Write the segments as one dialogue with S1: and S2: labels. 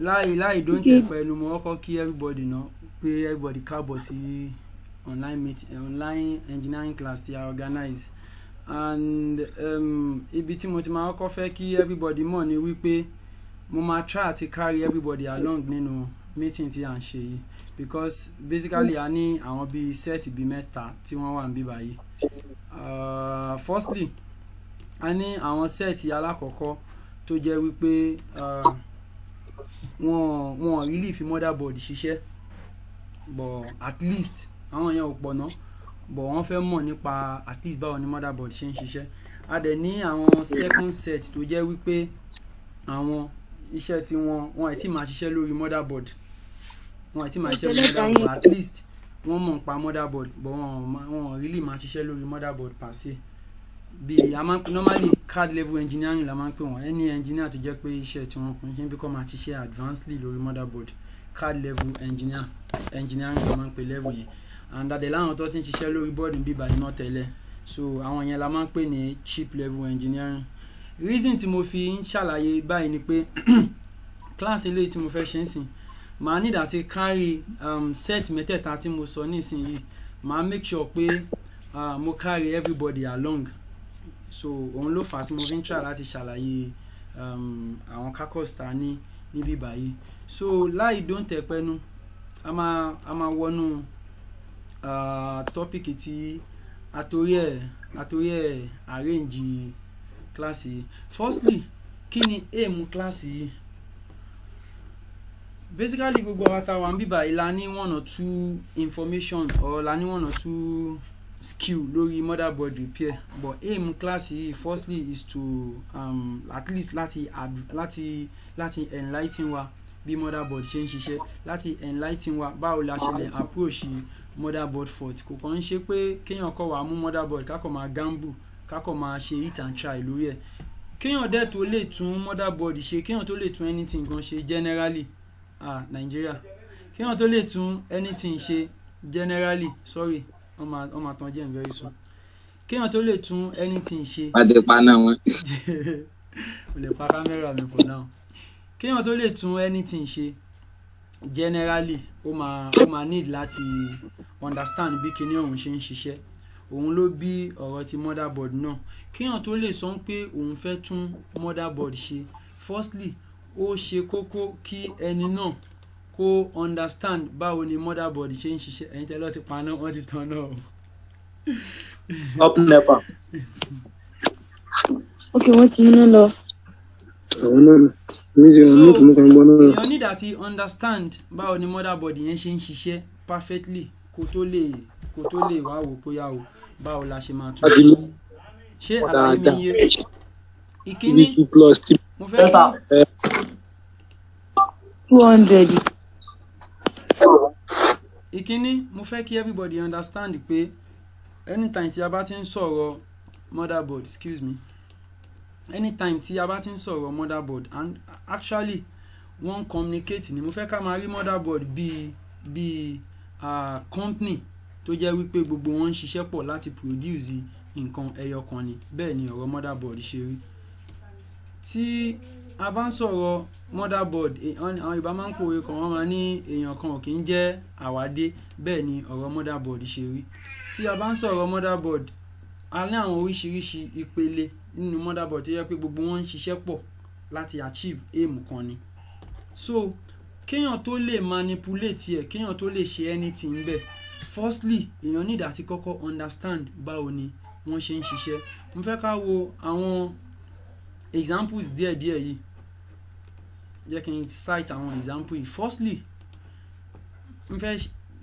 S1: láì láì dóńtẹ̀ pẹ̀lú mo kọ́kọ́ kí everybody náà pé everybody káàbọ̀ sí online meet online engineering class tí organize and um, ibi tí mo ti máa kọ́kọ́ fẹ́ kí everybody mọ̀ ni wípé mo máa try to carry everybody along nínú meeting tí à ń ṣe yìí because basically a ní àwọn bíi set bíi mẹ́ta tí wọ́n wà níbí báyìí uh, firstly a ní àwọn set alákọ̀ọ́kọ́ tó jẹ́ wípé. Uh, wọn wọn really fi motherboard ṣiṣẹ́ but at least àwọn yẹn ò pọ̀ ná but wọ́n fẹ́ mọ̀ nípa at least báwo ni motherboard ṣe ń ṣiṣẹ́ a dẹ̀ ní àwọn second set tó jẹ́ wípé àwọn iṣẹ́ tí wọ́n wọn ẹ̀ tí máa ṣiṣẹ́ lórí motherboard wọn ẹ̀ tí máa ṣiṣẹ́ lórí motherboard at least wọ́n mọ̀ nípa motherboard but wọn wọn really máa ṣiṣẹ́ lórí motherboard per bíi a máa normally card level engineering la máa ń pè any engineer to jẹ́ pé iṣẹ́ tí wọ́n kún ṣe ń bí kọ́ ti ṣe advancedly lórí motherboard card level engineer engineering la máa ń level yẹn and àdè láwọn tó ti ń ṣiṣẹ́ lórí bọ́ọ̀dù bíi báyìí náà tẹ́lẹ̀ so àwọn yẹn la máa ń pè ní level engineering reason tí mo fi ń ṣàlàyé báyìí ni pé class eléyìí tí mo fẹ́ ṣe ń sìn màá nídà ti carry um, set mẹ́tẹ̀ẹ̀ta tí mo sọ nísìnyí màá make sure pé uh, mo carry everybody along so òun ló fà á tí mo fi ń try láti ṣàlàyé um, àwọn kakos ta ní níbí báyìí so láì dóńtẹ̀ a máa a máa wọnú tọ́pìkì tí àtòrí ẹ̀ àtòrí ẹ̀ arrange kíláàsì yìí firstly kí ni aim kíláàsì yìí basically gbogbo àwọn àtàwọn bíbá yìí la ní one or two information or la ní one or two skill lórí motherboard repair but aim class yìí firstly is to um, at least láti láti láti enlightening wa bí motherboard ṣe ń ṣiṣẹ́ láti enlightening wa báwo la ṣe lè approach motherboard fault kò kàn ń ṣe pé kéèyàn kọ́ wàá mú motherboard kákọ̀ máa gamble kákọ̀ máa ṣe hit and try lórí ẹ̀ kéèyàn dẹ̀ tó lè tún motherboard ṣe kéèyàn tó lè tún anything gan ṣe generally ah Nigeria kéèyàn tó lè tún anything ṣe generally sorry wọ́n máa tán jẹ́ very soon kéèyàn tó lè tún anything ṣe. wọ́n ti pa náà wọ́n. mo lè pa kámẹ́rà mi for now kéèyàn tó lè tún anything ṣe generally ó máa ó máa need láti understand bí kinní ọ̀hún ṣe ń ṣiṣẹ́ òun ló bí ọ̀rọ̀ ti motherboard náà kéèyàn tó lè sọ pé òun fẹ́ tún motherboard ṣe firstly ó ṣe kókó kí ẹni náà kó understand báwo ni mother body ṣe ń ṣiṣẹ́ ẹ̀yin tẹ́ lọ ti paná wọ́n ti tan náà. up nepa. ok wọ́n ti múná lọ.
S2: àwọn náà mi ti mú tùmú kan gbọ́ náà. èèyàn
S1: need àti understand báwo ni mother body yẹn ṣe ń ṣiṣẹ́ perfectly kó tó lè kó tó lè wá wò bóyá o báwo la ṣe máa tún un ṣe àlàyé mi yé ìkíní mo fẹ́ kí two hundred ìkíní mo fẹ́ kí everybody understand pé anytime tí a bá ti ń sọ̀rọ̀ motherboard excuse me anytime tí a bá ti ń sọ̀rọ̀ motherboard and actually wọ́n ń communicate ni mo fẹ́ ká máa rí motherboard bíi bíi uh, company tó jẹ́ wípé gbogbo wọn ń ṣiṣẹ́ pọ̀ láti produce nǹkan ẹyọ ni bẹ́ẹ̀ ni ọ̀rọ̀ motherboard ṣe rí tí a bá motherboard e, àwọn Yorùbá máa ń pòwe kan wọ́n máa ní èèyàn kan ò kì í jẹ́ àwádé bẹ́ẹ̀ ni ọ̀rọ̀ motherboard ṣe rí tí a motherboard a ní àwọn oríṣiríṣi ìpele nínú motherboard tó yẹ pé gbogbo wọn ń ṣiṣẹ́ pọ̀ láti achieve aim kan ni so kéèyàn tó lè manipulate ẹ̀ kéèyàn tó lè ṣe anything bẹ́ẹ̀ firstly èèyàn need àti kọ́kọ́ understand báwo ni wọ́n ṣe ń ṣiṣẹ́ mo fẹ́ ká wo àwọn examples díẹ̀ there, yìí jẹ́ kí n cite àwọn example yìí firstly n fẹ́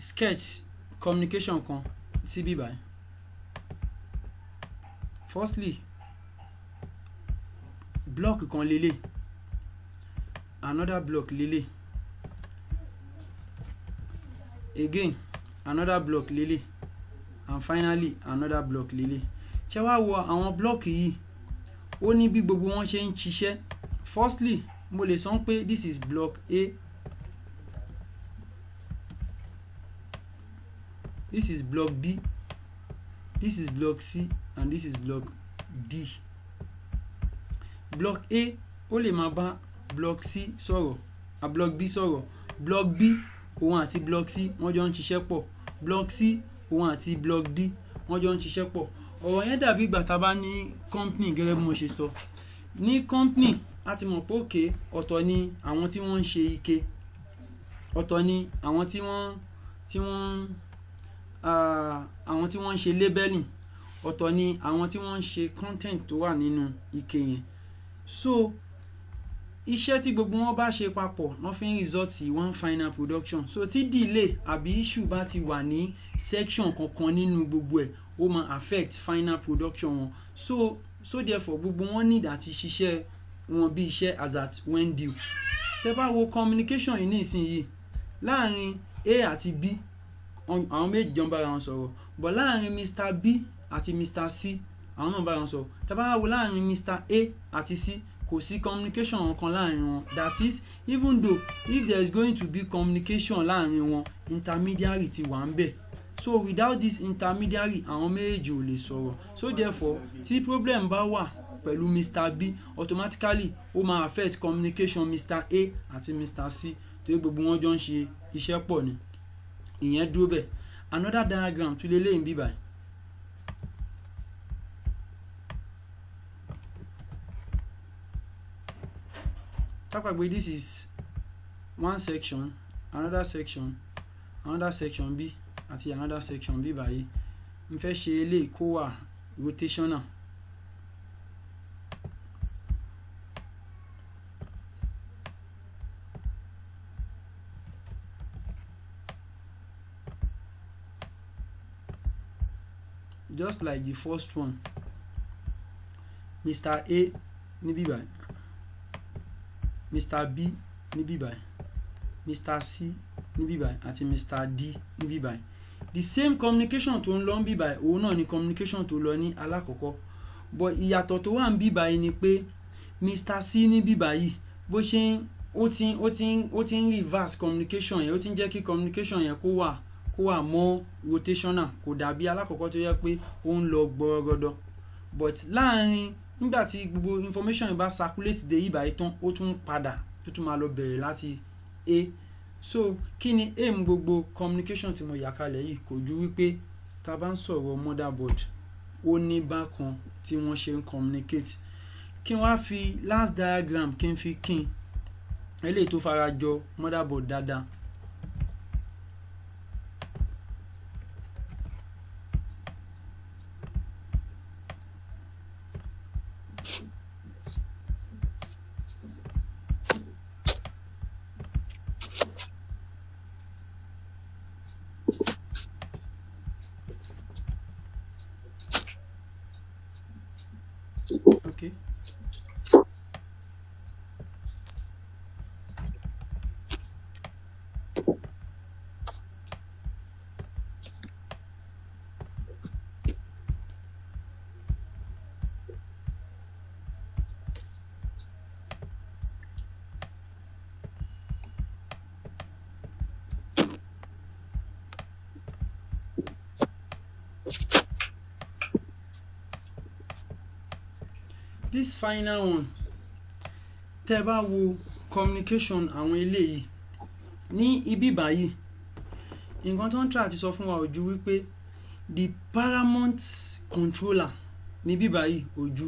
S1: sketch communication kan síbí báyìí firstly block kan lélẹ̀ another block lélẹ̀ again another block lélẹ̀ and finally another block lélẹ̀ ṣé wa wo àwọn block Yi ó ní bí gbogbo wọn ṣe ń ṣiṣẹ́ firstly mo lè sọ pé this is block A this is block B this is block C and this is block D block A ó lè máa bá block C sọ̀rọ̀ a block B sọ̀rọ̀ block B òun àti block C wọ́n jọ ń ṣiṣẹ́ pọ̀ block C òun àti block D wọ́n jọ ń ṣiṣẹ́ pọ̀ ọ̀rọ̀ yẹn dàbí ìgbà tá a bá ní company gẹ́gẹ́ bí mo ṣe sọ ní company a ti mọ̀ pé òkè ọ̀tọ̀ ni àwọn tí wọ́n ń ṣe ike ọ̀tọ̀ ni àwọn tí wọ́n tí wọ́n àwọn tí wọ́n ń ṣe labeling ọ̀tọ̀ ni àwọn tí wọ́n ń ṣe content tó wà nínú ike yẹn so iṣẹ́ tí gbogbo wọn bá ṣe papọ̀ nothing results in one final production so tí delay àbí issue bá ti wà ní section kankan nínú gbogbo ẹ̀ ó máa affect final production wọn so so therefore gbogbo wọn need àti ṣiṣẹ́ wọn bí iṣẹ́ as at when due tẹ bá wo communication yìí ní ìsinyìí láàrin a àti b àwọn méjì jọ ń bára wọn sọ̀rọ̀ but láàrin mr b àti mr c àwọn náà bára wọn sọ̀rọ̀ tẹ bá wo láàrin mr a àti c kò sí communication kan láàrin wọn that is even though if there is going to be communication láàrin wọn intermediary ti wà ń bẹ̀ so without this intermediary àwọn méjèèjì ò lè sọ̀rọ̀ so therefore tí problem bá wà pẹ̀lú mr b automatically ó máa affect communication mr a àti mr c torí gbogbo wọn jọ ń ṣe iṣẹ́ pọ̀ ni ìyẹn dúró bẹ́ẹ̀ another diagram tún lélẹ́yìn bíbáyìí tapagbe this is one section another section another section b àti another section bí báyìí n fẹ́ ṣe eléyìí kó wà rotational just like the first one mr a níbí báyìí mr b níbí báyìí mr c níbí báyìí àti mr d níbí báyìí the same communication tó ń lọ ń bíbà òun náà ni communication tó lọ ní alákọ̀ọ́kọ́ but ìyàtọ̀ tó wà ń bíbà yìí ni pé Mr. C ní bíbà yìí bó ṣe ń ó ti ó ti ó ti ń reverse communication yẹn ó ti ń jẹ́ kí communication yẹn kó wà kó wà mọ́ rotational kò dàbí alákọ̀ọ́kọ́ tó yẹ pé ó ń lọ gbọ́rọ́gọ́dọ́ but láàrin nígbà tí gbogbo information yìí bá circulate dé ibà yìí tán ó tún padà tó tún máa lọ bẹ̀rẹ̀ láti A. E so kí ni aim gbogbo communication tí mo yà kalẹ̀ yìí kò ju wípé tá bá ń sọ̀rọ̀ motherboard ó ní bákan tí wọ́n ṣe ń communicate kí wọ́n á fi last diagram kí n fi kí n eléyìí tó fara jọ motherboard dáadáa this final one tẹ́ bá wo communication àwọn eléyìí ní ibi báyìí nǹkan tó ń tra àti sọ fún wa ojú wípé the paramount controller ní ibí báyìí ojú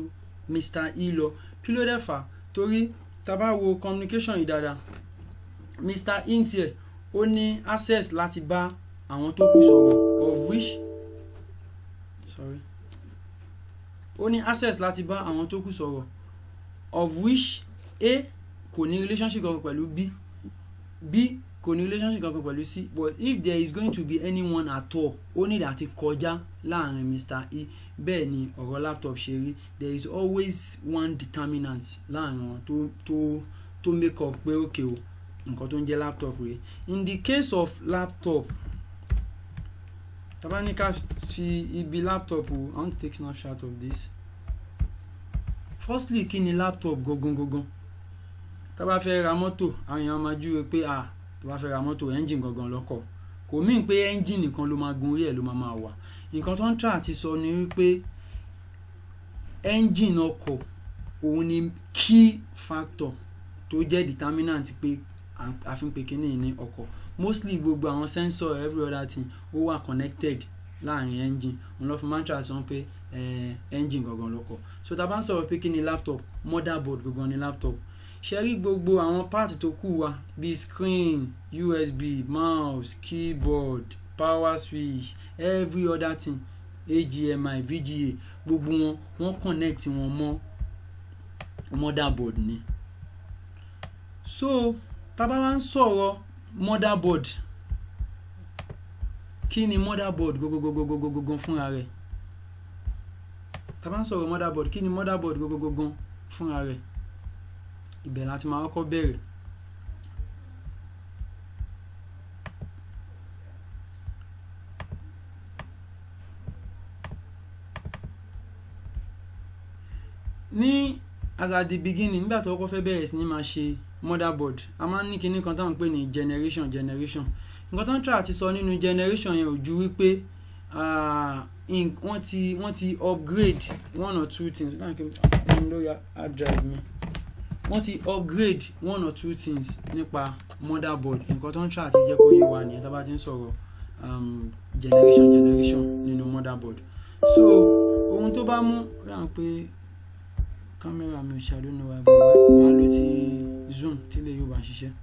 S1: Mr. E lọ kí ló dẹ̀ fà torí tá bá wo communication yìí dáadáa Mr. E tiẹ̀ ó ní access láti bá àwọn tó kù sọ̀rọ̀ of which ó ní access láti bá àwọn tó kù sọ̀rọ̀ of which a kò ní relationship kankan pẹ̀lú b b kò ní relationship kankan pẹ̀lú c but if there is going to be anyone at all ó ní láti kọjá láàrin mr e bẹ́ẹ̀ ni ọ̀rọ̀ laptop ṣe rí there is always one determinant láàrin wọn tó tó tó make up pé òkè o nǹkan tó ń jẹ́ laptop rèé in the case of laptop tá bá ní ká fi ibi laptop o i want to take snapshot of this firstly kí ni laptop gangan gangan tá a bá fẹ́ ra mọ́tò àwọn èèyàn máa júwe pé à tó bá fẹ́ ra mọ́tò ẹ́ńjìn gangan lọ́kọ̀ kò mí pé ẹ́ńjìn nìkan ló máa gun orí ẹ̀ ló máa máa wà nǹkan tó ń tà àti sọ ni wípé ẹ́ńjìn ọkọ̀ òun ni key factor tó jẹ́ determinant pé àfi ń pe kínní ní ọkọ̀ mostly gbogbo àwọn sensor every other thing ó wà connected láàrin engine òun lọ́ fi máa sọ pé eh, engine gangan lọkọ̀ so tá a bá ń sọ̀rọ̀ pé kí ni laptop motherboard gangan ni laptop ṣe rí gbogbo àwọn páàtì tó kù wa bíi screen USB mouse keyboard power switch every other thing HDMI VGA gbogbo wọn wọn connect wọn mọ́ motherboard ni so tá a bá wá ń sọ̀rọ̀ motherboard kí ni motherboard gogogogogogogogan fúnra rẹ̀ tá bá ń sọ̀rọ̀ motherboard kí ni motherboard gogogogan fúnra rẹ̀ ibẹ̀ láti máa kọ́kọ́ bẹ̀rẹ̀ ní as at the beginning nígbà tó kọ́kọ́ fẹ́ bẹ̀rẹ̀ sí ni máa ṣe motherboard a máa ń ní kinní kan táwọn pè ní generation generation nǹkan tó ń tra àti sọ nínú generation yẹn ò ju wípé ah, wọ́n ti wọ́n ti upgrade one or two things lórí hard drive mi wọ́n ti upgrade one or two things nípa motherboard nǹkan tó ń tra àti jẹ́ kó yé wa nìyẹn tá a bá ti ń sọ̀rọ̀ um, generation generation nínú motherboard so ohun tó bá mú rà ń pé kámẹ́rà mi ò ṣàdúnú wa bọ̀ wá ló ti zoom tí ilé yóò bá ṣiṣẹ́.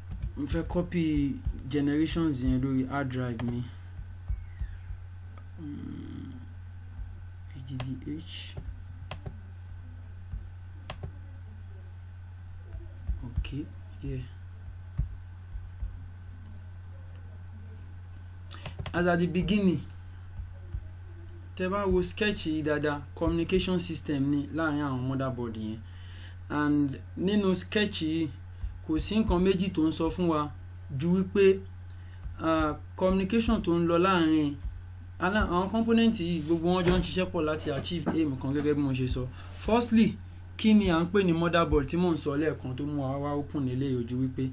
S1: mo fẹ́ copy generations yẹn lórí hard drive mi hddh ok yeah. as at the beginning tẹ bá wo sketch yìí dáadáa communication system ni láàrin àwọn motherboard yẹn and nínú sketch yìí kò sí nǹkan méjì tó ń sọ fún wa ju wípé communication tó ń lọ láàrin àwọn component yìí gbogbo wọn jọ ń ṣiṣẹ́ pọ̀ láti achieve aim kan gẹ́gẹ́ bí mo ṣe sọ firstly kí ni à ń pè ní motherboard tí mò ń sọ lẹ́ẹ̀kan tó mú wa wá open nílé ojú wípé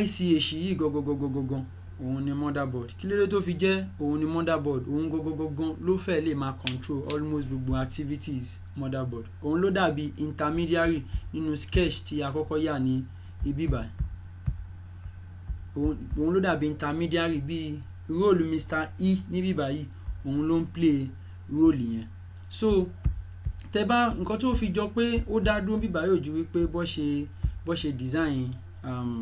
S1: ICH yìí gangan òun ni motherboard kí ló dé tó fi jẹ́ òun ni motherboard òun gangan ló fẹ́ lè máa control almost gbogbo activities motherboard òun ló dàbí intermediary nínú sketch tí a kọ́kọ́ yà ní ibi báyìí òun ló dàbí intermediary bíi róòlù Mr E níbí báyìí òun ló ń play role yẹn so tẹ bá nǹkan tó fi jọ pé ó dá dúró bíbá yóò ju wípé bọ́ ṣe bọ́ ṣe design um,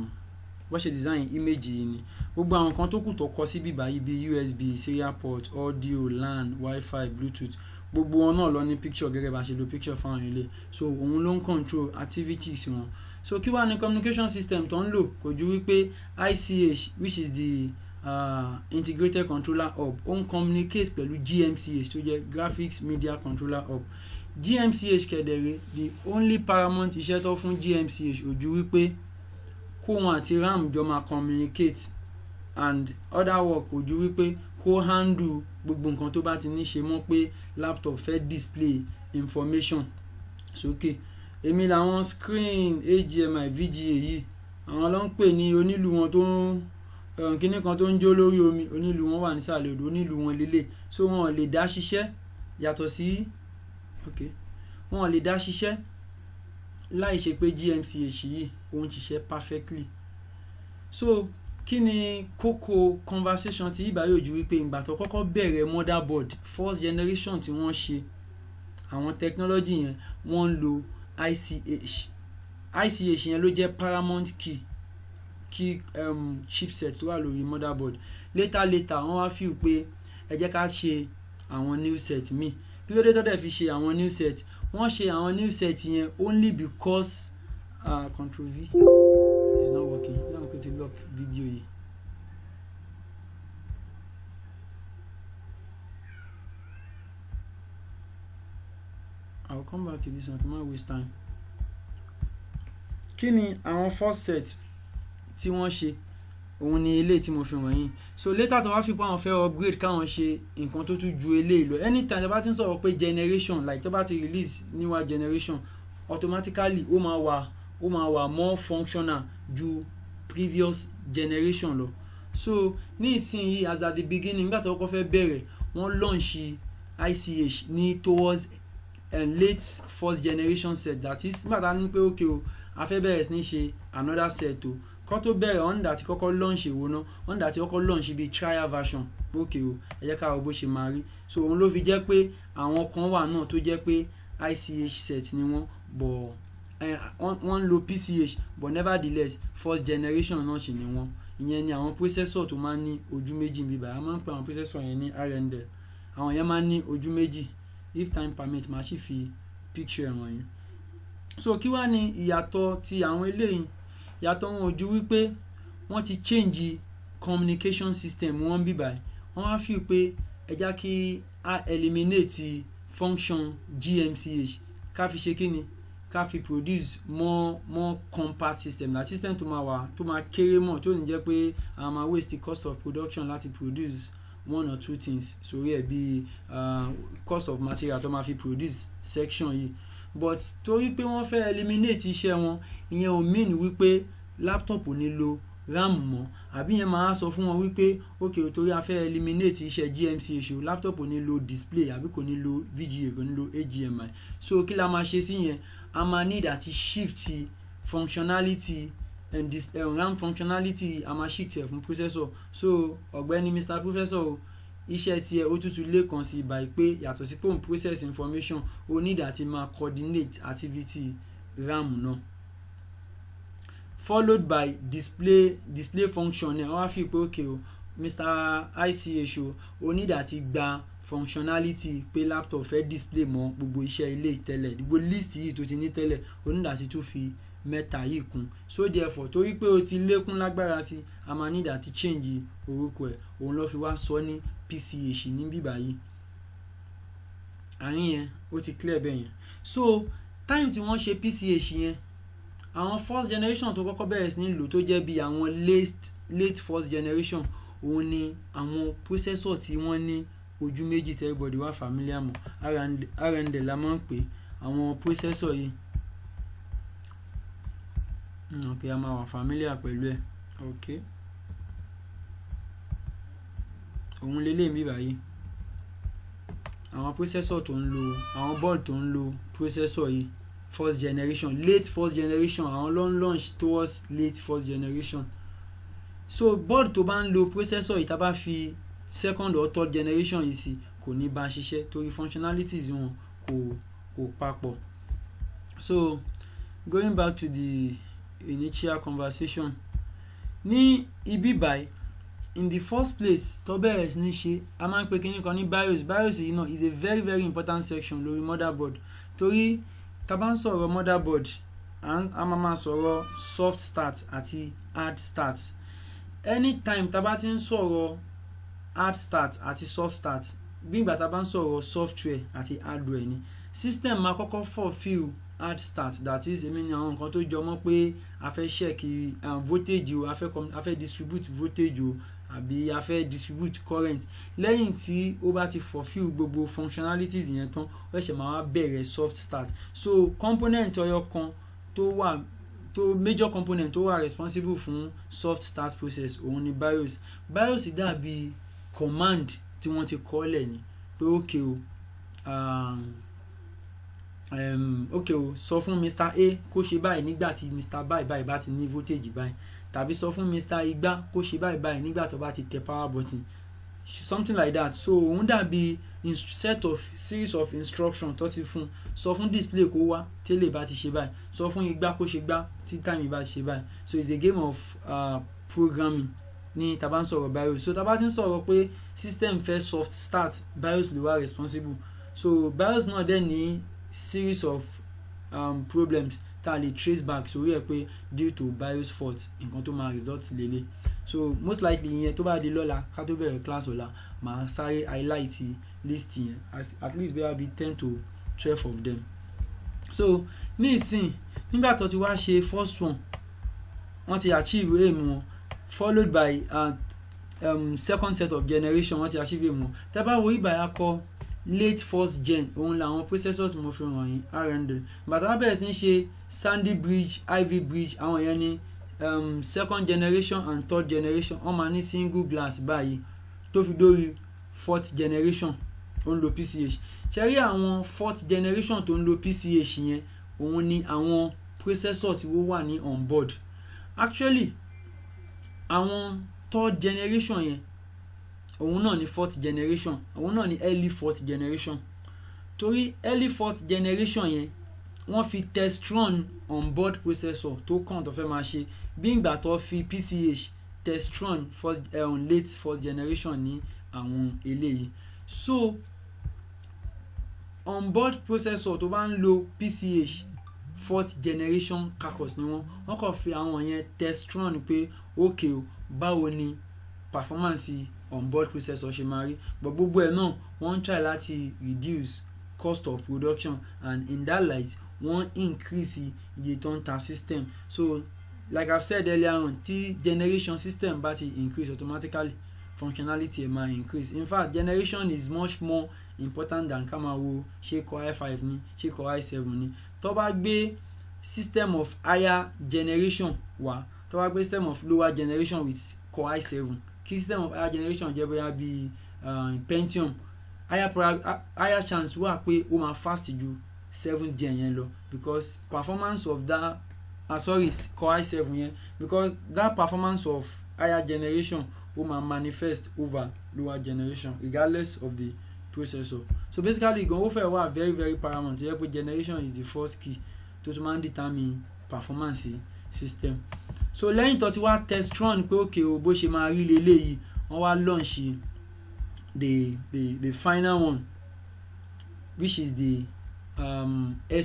S1: bọ́ ṣe design image yìí ni gbogbo àwọn kan tó kù tó kọ sí bíbá yìí bíi USB serial port audio LAN Wi-Fi Bluetooth gbogbo wọn náà lọ ní picture gẹ́gẹ́ bá ṣe lo picture fáwọn ilé so òun ló ń control activities wọn so kí wàá ní communication system tó ń lò kò ju wípé ICH which is the uh, integrated controller hub ó ń communicate pẹ̀lú GMCH tó jẹ́ graphics media controller hub GMCH kẹ̀dẹ̀rẹ̀ the only paramount iṣẹ́ tó fún GMCH ò ju wípé kó wọn àti RAM jọ máa communicate and other work ò ju wípé kó handle gbogbo nǹkan tó bá ti ní ṣe mọ́ pé laptop fẹ́ display information sókè. So, okay èmi làwọn screen HDMI VGA yìí àwọn ló ń pè ní onílù wọn tó ń kíní kan tó ń jó lórí omi onílù wọn wà nísàlẹ̀ odò onílù wọn lélẹ̀ so wọn lè dá ṣiṣẹ́ yàtọ̀ sí okay wọn lè dá ṣiṣẹ́ láì ṣe pé GMCH yìí ó ń ṣiṣẹ́ perfectly so kí ni kókó conversation ti ìbáyọ̀ ojú wípé ìgbà tó kọ́kọ́ bẹ̀rẹ̀ motherboard first generation ti wọ́n ṣe àwọn technology yẹn wọ́n ń lo ICH ICH yẹn ló jẹ́ paramount key key um, chipset tó wà lórí motherboard later later wọ́n wá fi pé ẹ jẹ́ ká ṣe àwọn new set míì kí ló dé tó dẹ̀ fi ṣe àwọn new set wọ́n ṣe àwọn new set yẹn only because uh, control V is not working. Now I'm going to lock video yìí. I will come back to this one kí n waste time Kini, ni àwọn first set tí wọ́n ṣe òun ni eléyìí tí mo fi wọ̀nyí so later tó wá fi pé àwọn fẹ́ upgrade káwọn ṣe nǹkan tó tún ju eléyìí lọ anytime tó bá ti ń sọ̀rọ̀ pé generation like tó bá ti release newer generation automatically ó máa wà ó máa wà more functional ju previous generation lọ so ní ìsinyìí as at the beginning nígbà tó kọ́ fẹ́ bẹ̀rẹ̀ wọ́n launch ICH ní towards And late fourth generation set that is nígbà tá a okay o a fẹ́ bẹ̀rẹ̀ sí ní ṣe another set o kọ́ tó bẹ̀rẹ̀ ọ̀ndà tí kọ́kọ́ launch èwo náà ọ̀ndà tí kọ́kọ́ launch bíi trial version okay o ẹ jẹ́ ká wo bó ṣe máa rí so òun ló fi jẹ́ pé àwọn kan wà náà tó jẹ́ pé ICH set ni wọ́n bọ̀ wọ́n ń lo PCH but nevertheless first generation náà ṣì ni wọ́n ìyẹn ni àwọn processor tó máa ń ní ojú méjì bíbá a máa ń pè àwọn processor yẹn ní R&D àwọn yẹn máa ń ní ojú méjì if time permit màá sì fi picture ẹ̀ wọ̀nyí. so kí wá ní ìyàtọ̀ ti àwọn eléyìí ìyàtọ̀ wọn ò ju wípé wọ́n ti change communication system wọn bí báyìí wọ́n wá fi pé ẹ já kí a eliminate function gmch ká fi ṣe kí ni ká fi produce more more compact system that system tó máa wà tó máa kéré mọ̀ tó ní jẹ́ pé a máa waste the cost of production láti produce one or two things sórí ẹ̀ bíi uh, cost of material tó máa fi produce section yìí but torí pé wọ́n fẹ́ eliminate iṣẹ́ wọn ìyẹn ò mean wípé laptop ò ní lo ram mọ́ àbí yẹn máa sọ fún wọn wípé okay torí a fẹ́ eliminate iṣẹ́ GMCH o laptop ò ní lo display àbí kò ní lo VGA kò ní lo HDMI so kí la máa ṣe sí yẹn a máa need àti shift functionality and this uh, ram functionality a máa shift ẹ̀ fún processor so ọ̀gbẹ́ni mr professor o iṣẹ́ tiẹ̀ ó tútù lẹ́ẹ̀kan sí ibà pé yàtọ̀ sí pòun process information ó nídà ti máa coordinate activity ram náà followed by display display function ẹ̀ wọ́n á fi pé okay o mr ich o ó nídà ti gba functionality pé laptop fẹ́ display mọ́ gbogbo iṣẹ́ ilé tẹ́lẹ̀ gbogbo list yìí tó ti ní tẹ́lẹ̀ ó nídà ti tún fi mẹ́ta yìí kún so therefore torí pé o ti lékún lágbára sí i a máa nídà ti change orúkọ ẹ̀ òun ló fi wá sọ ní pch ní bíbá yìí àárín yẹn ó ti clear bẹ́ẹ̀ yẹn so time tí wọ́n ṣe pch yẹn àwọn first generation tó kọ́kọ́ bẹ̀rẹ̀ sí ní lò tó jẹ́ bí àwọn late late first generation òun ni àwọn processor tí wọ́n ní ojú méjì tí wá familiar mọ̀ R&D la máa ń pè àwọn processor yìí Hmm, ok a máa wà familiar pẹ̀lú ẹ̀ ok òun lélẹ̀ mi báyìí àwọn processor tó ń lo àwọn board tó ń lo processor yìí first generation late first generation àwọn long ń launch towards late first generation so board tó bá ń lo processor yìí tá bá fi second or third generation yìí sí kò ní bá ṣiṣẹ́ torí functionalities wọn kò kò papọ̀ so going back to the initial conversation ní ibi báyìí in the first place tó bẹ̀rẹ̀ sí ní ṣe a máa ń pe kinní kan ní bios bios yìí náà is a very very important section lórí motherboard torí tá bá ń sọ̀rọ̀ motherboard a máa máa sọ̀rọ̀ soft start àti hard start anytime tá bá ti ń sọ̀rọ̀ hard start àti soft start bí ìgbà tá bá ń sọ̀rọ̀ software àti hardware ni system máa kọ́kọ́ fulfill hard start that is èmi ni àwọn nǹkan tó jọmọ́ pé a fẹ́ check eh, voltage o a fẹ́ distribute voltage o àbí a fẹ́ distribute current lẹ́yìn tí ó bá ti fulfill gbogbo functionalities yẹn tán ó ṣẹ̀ máa bẹ̀rẹ̀ soft start so component ọyọ kan tó wà tó major component tó wà responsible fún soft start process òun ni BIOS BIOS dàbí command tí wọ́n ti kọ́ lẹ̀ ni pé ókè o um, um, ok o sọ fún mr a kó ṣe báyìí nígbà tí mr báyìí báyìí bá ti ní voltage báyìí tàbí sọ fún mr igba kó ṣe báyìí báyìí nígbà tó bá ti tẹ power button something like that so òun dàbí set of series of instruction tó ti fún sọ fún display kó wá tẹ́lẹ̀ bá ti ṣe báyìí sọ fún igba kó ṣe gbá tí time bá ti ṣe báyìí so it's a game of uh, programming ní tá bá ń sọ̀rọ̀ BIOS so tá bá ti ń sọ̀rọ̀ pé system fẹ́ soft start BIOS ló wà responsible so BIOS náà dẹ̀ ní series of um, problems tá a trace back sórí ẹ̀ pé due to bios fault nǹkan tó máa result lélẹ̀ so most likely yẹn tó bá di lọ́la ká tó bẹ̀rẹ̀ class ọ̀la màá sáré highlight list yẹn at least bẹ́ẹ̀ bí ten to twelve of them so ní ìsìn nígbà tó ti wá ṣe first one wọ́n ti achieve aim wọn followed by uh, um, second set of generation wọ́n ti achieve aim wọn tẹ́ bá wo ìgbà yà kọ́ late first gen òun làwọn processors tí mo fi hàn yín r hundred bàtà wọn bẹ̀rẹ̀ sí ní ṣe sandy bridge ivy bridge àwọn yẹn ní um, second generation and third generation wọ́n máa ní single glass báyìí tó fi dórí fourth generation tó ń lo pch ṣe rí àwọn fourth generation tó ń lo pch yẹn òun ni àwọn processor tí wọ́n wà ní on board actually àwọn third generation yẹn òun náà ni fourth generation òun náà ni early fourth generation torí early fourth generation yẹn wọ́n fi testron board processor tó kàn tó fẹ́ máa ṣe bí ìgbà tó fi pch testron first, uh, late fourth generation ní àwọn eléyìí so on board processor tó bá ń lo pch fourth generation kakos ni wọ́n wọ́n kàn fi àwọn yẹn testron pé ókè o báwo ni pàfọ́mánsì on board princess ọ̀ṣẹ̀márí but gbogbo ẹ̀ náà wọ́n ń try láti reduce cost of production and in that light wọ́n increase iye tó ń ta system so like i've said earlier on tí generation system bá ti increase automatically functionality ma increase in fact generation is much more important than ká máa wo ṣé core i5 ni ṣé core i7 ni tó bá gbé system of higher generation wá tó bá gbé system of lower generation with core i7 kí system of higher generation jẹ́ bóyá bíi uh, pentium higher, higher chance wà pé ó máa fast ju seven gen yẹn lọ because performance of that ah uh, sorry core i7 yẹn because that performance of higher generation ó máa manifest over lower generation regardless of the processor so basically gan ó fẹ́ very very paramount tó yẹ pé generation is the first key to tún máa determine performance system so lẹ́yìn tó ti wá testron pé òkè o bó ṣe máa rí leléyìí wọ́n wá launch the the the final one which is the um,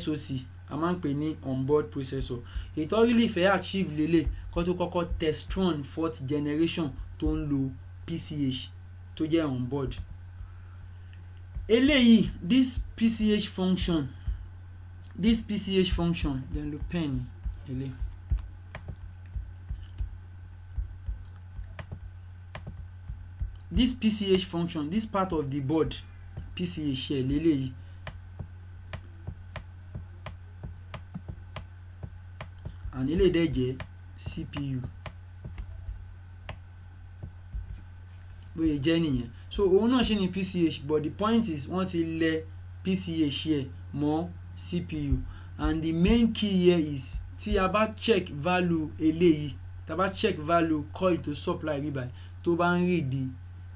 S1: SoC a máa ń pè ní onboard processor ètò orílẹ̀ ìfẹ́ achieve lélẹ̀ kó tó kọ́kọ́ testron fourth generation tó ń lo PCH tó jẹ́ onboard eléyìí this PCH function this PCH function then lo pen eléyìí. this pch function this part of the board pch ẹ̀ lélẹ́yìí and eléyìí dẹ̀ jẹ́ cpu bóyá jẹ́ nìyẹn so òun náà ṣe ni pch but the point is wọ́n ti lẹ pch ẹ̀ mọ́ cpu and the main key here is ti a bá check value eléyìí tá a check value coil to supply bíbáyìí to bá ń read the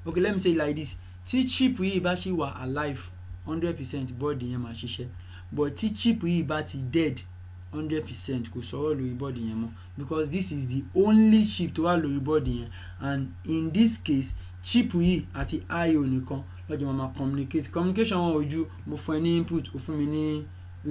S1: okay let me say like this tí chip yìí bá ṣì wà alive hundred percent bọ́ọ̀dì yẹn máa ṣiṣẹ́ but tí chip yìí bá ti dead hundred percent kò sọ̀rọ̀ lórí bọ́ọ̀dì yẹn mọ́ because this is the only chip tó wà lórí bọ́ọ̀dì yẹn and in this case chip yìí àti io nìkan lọ́jọ́ máa máa communicate communication wọn ojú mo fún ẹ ní input ó fún mi ní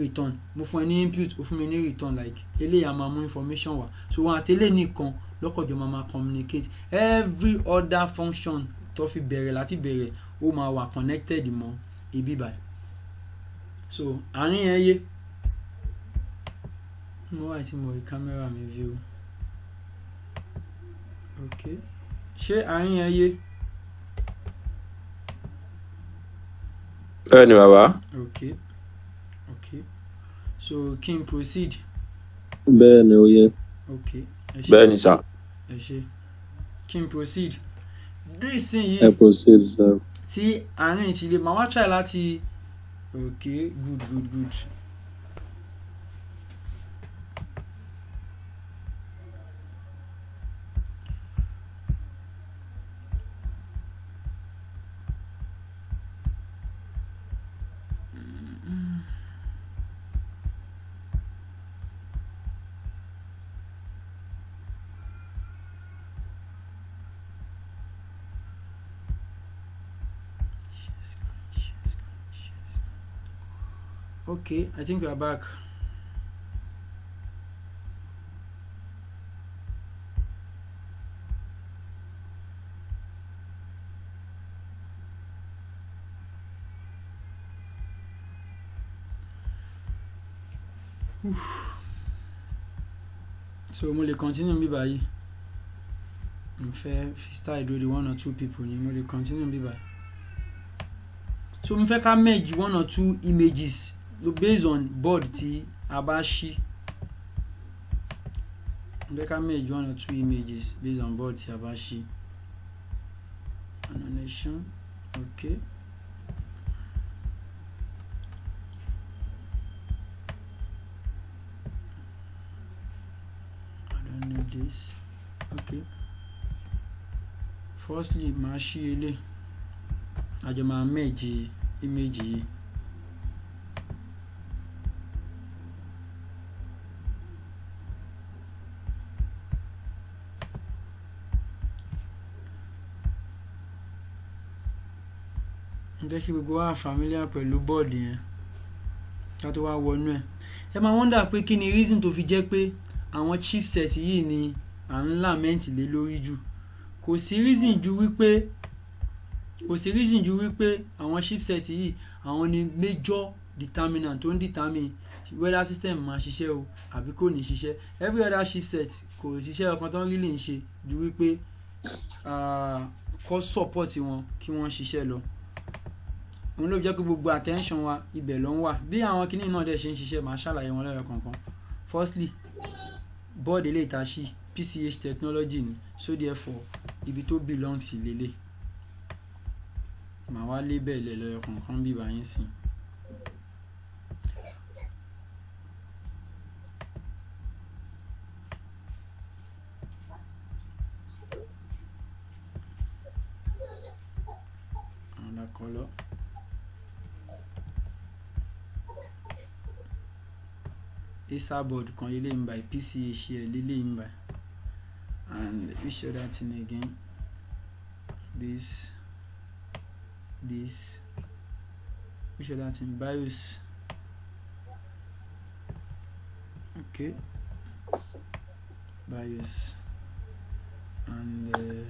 S1: return mo fún ẹ ní input ó fún mi ní return like eléyìí a máa mú information wá so wọn àti eléyìí nìkan lọ́kọ̀jọ́ máa máa communicate every other function tó fi bẹ̀rẹ̀ láti bẹ̀rẹ̀ ó máa wà connected mọ́ ibi báyìí so àárín yẹn yé mo wà tí mo rí kámẹ́rà mi view ok ṣé àárín yẹn yé. bẹ́ẹ̀ ni bàbá. ok ok so kí n proceed.
S2: bẹ́ẹ̀ ni ó yẹ.
S1: ok ẹ ṣé bẹ́ẹ̀ ni sà. ẹ ṣé kí n proceed nísìnyí tí àárín ìtìlẹ̀ màá wá try láti okay good good good Okay, I think we are back. so mo lè continue bí In Nous if fi started one or two people you continue à by. so on fait one or two images based on board tí a bá ṣí jẹ́ ká make one or two images based on board tí a bá ṣí animation okay. this okay firstly màá ṣí ilé àjọ máa méjì image yìí jẹ́ kí gbogbo wa familiar pẹ̀lú bọ́ọ̀dì yẹn ká tó wá wọnú ẹ̀ ẹ máa wonder pé kí ni reason tó fi jẹ́ pé àwọn chipset yìí ni à ń lament lé lórí jù kò sí reason ju wípé kò sí reason ju wípé àwọn chipset yìí àwọn ni major determinant tó ń determine weather system máa ṣiṣẹ́ o àbí kò ní ṣiṣẹ́ every other chipset kò ṣiṣẹ́ ọkàn tán lílì ń ṣe ju wípé ah, kó support wọn kí wọ́n ṣiṣẹ́ lọ àwọn ló jẹ́ pé gbogbo attention wa ibẹ̀ ló ń wà bí àwọn kinní náà dẹ̀ ṣe ń ṣiṣẹ́ màá ṣàlàyé wọn lẹ́yọ kọ̀ọ̀kan firstly board eléyìí tá PCH technology ni so therefore ibi tó belong sí lélẹ̀ màá wá lébẹ̀ lẹ̀ lẹ́yọ kọ̀ọ̀kan bí báyìí sí i. acer board kan lélẹ̀ ń báyìí pca share lélẹ̀ ń báyìí and which other thing again this this show that thing bios okay bios and uh,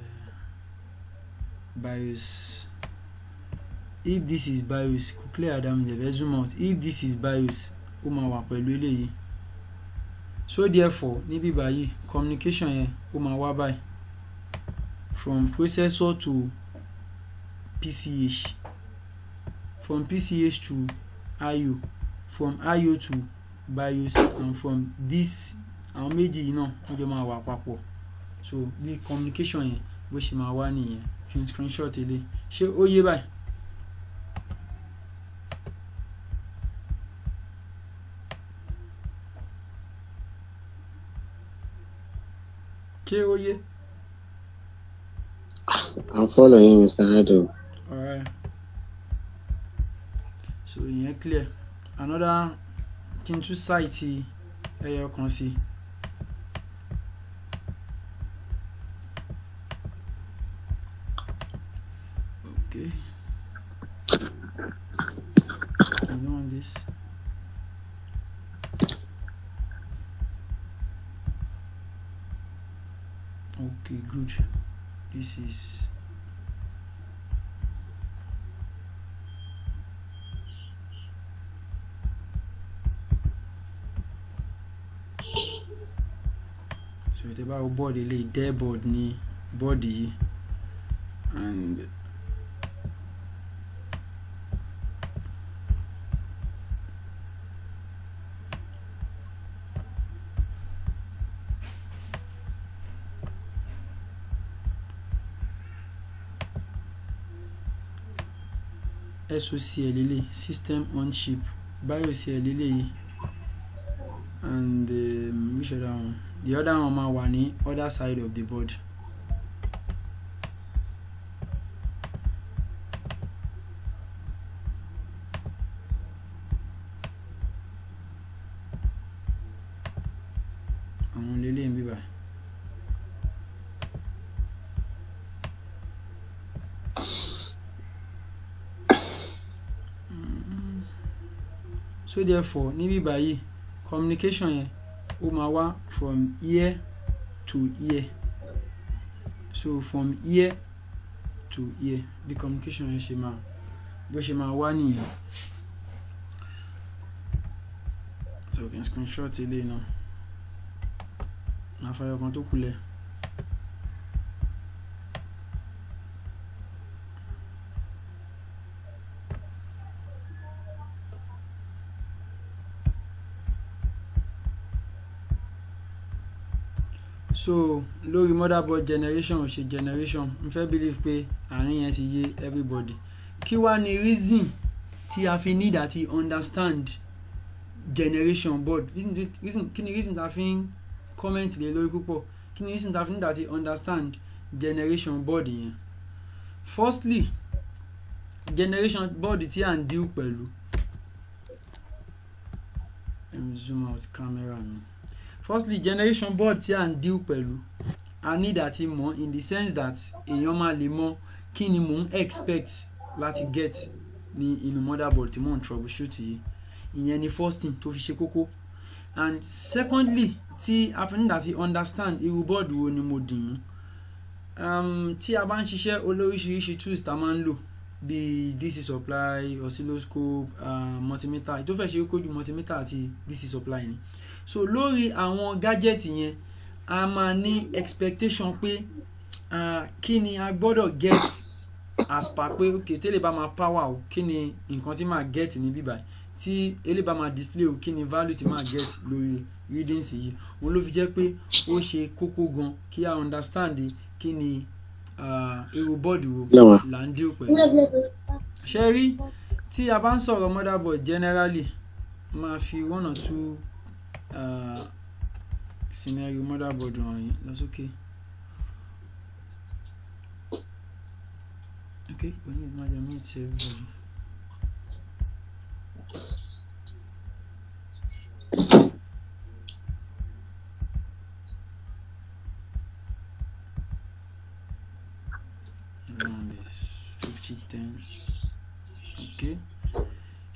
S1: bios if this is bios kò clear adam lè fẹ́ out if this is bios ó máa wà pẹ̀lú eléyìí so therefore níbí báyìí communication yẹn ó máa wá báyìí from processor to PCH from PCH to IO from IO to BIOS and from this àwọn méjì yìí náà wọ́n jọ máa wà papọ̀ so bí communication yẹn bó ṣe máa wá nìyẹn fi screenshot ilé ṣé ó yé báyìí. ṣé ó
S2: I'm following Mr. Ado.
S1: All right. So ìyẹn clear. Another kintu site tún ṣáìtì ẹyọ this is so tẹ́ bá body lay dead body body and SOC, lele system on chip Bios, lele and um, which other one the other one máa wà ní other side of the board. therefore níbí báyìí communication yẹn ó máa wá from ear to ear so from ear to ear bí communication yẹn ṣe máa bó ṣe máa wá nìyẹn so kí n screenshot eléyìí náà àfàyọkàn tó kulẹ̀. motherboard generation ṣe generation n fẹ́ believe pé àárín yẹn ti yé everybody kí wá ni reason tí a fi need àti understand generation board reason reason kí ni reason tá a fi ń comment lé lórí púpọ̀ kí ni reason tá a fi need àti understand generation board yẹn firstly generation board tí à ń deal pẹ̀lú zoom out camera mi firstly generation board tí à ń deal pẹ̀lú a need àti mọ̀ in the sense that èèyàn máa lè mọ̀ kí ni mò ń expect láti get ní inú motherboard tí mò ń troubleshoot yìí ìyẹn ni first thing tó fi ṣe kókó and secondly tí a fi need àti understand irú bọ́ọ̀dù wo ni mo dì um, tí a bá ń ṣiṣẹ́ olóríṣiríṣi tools tá a máa ń lò bíi DC supply oscilloscope uh, multimeter tó fẹ́ ṣe kójú multimeter àti DC supply ni so lórí àwọn gadget yẹn a máa ní expectation pé uh, kí ni a gbọ́dọ̀ get as per pé ok tẹ́lẹ̀ bá máa power o kí ni nǹkan tí máa get ní bíbá tí eléyìí bá máa display o kí ni value tí máa get lórí readings yìí òun ló fi jẹ́ pé ó ṣe kókó gan kí a understand kí ni èrò bọ́ọ̀dù wo là ń díò pẹ̀lú. ṣe rí tí a bá ń sọ̀rọ̀ motherboard generally máa fi one or two. Uh, scenario motherboard wọ̀nyí lọ sókè ok oní eh, ìmájà eh. eh, mi ti ẹ̀ bọ̀dù.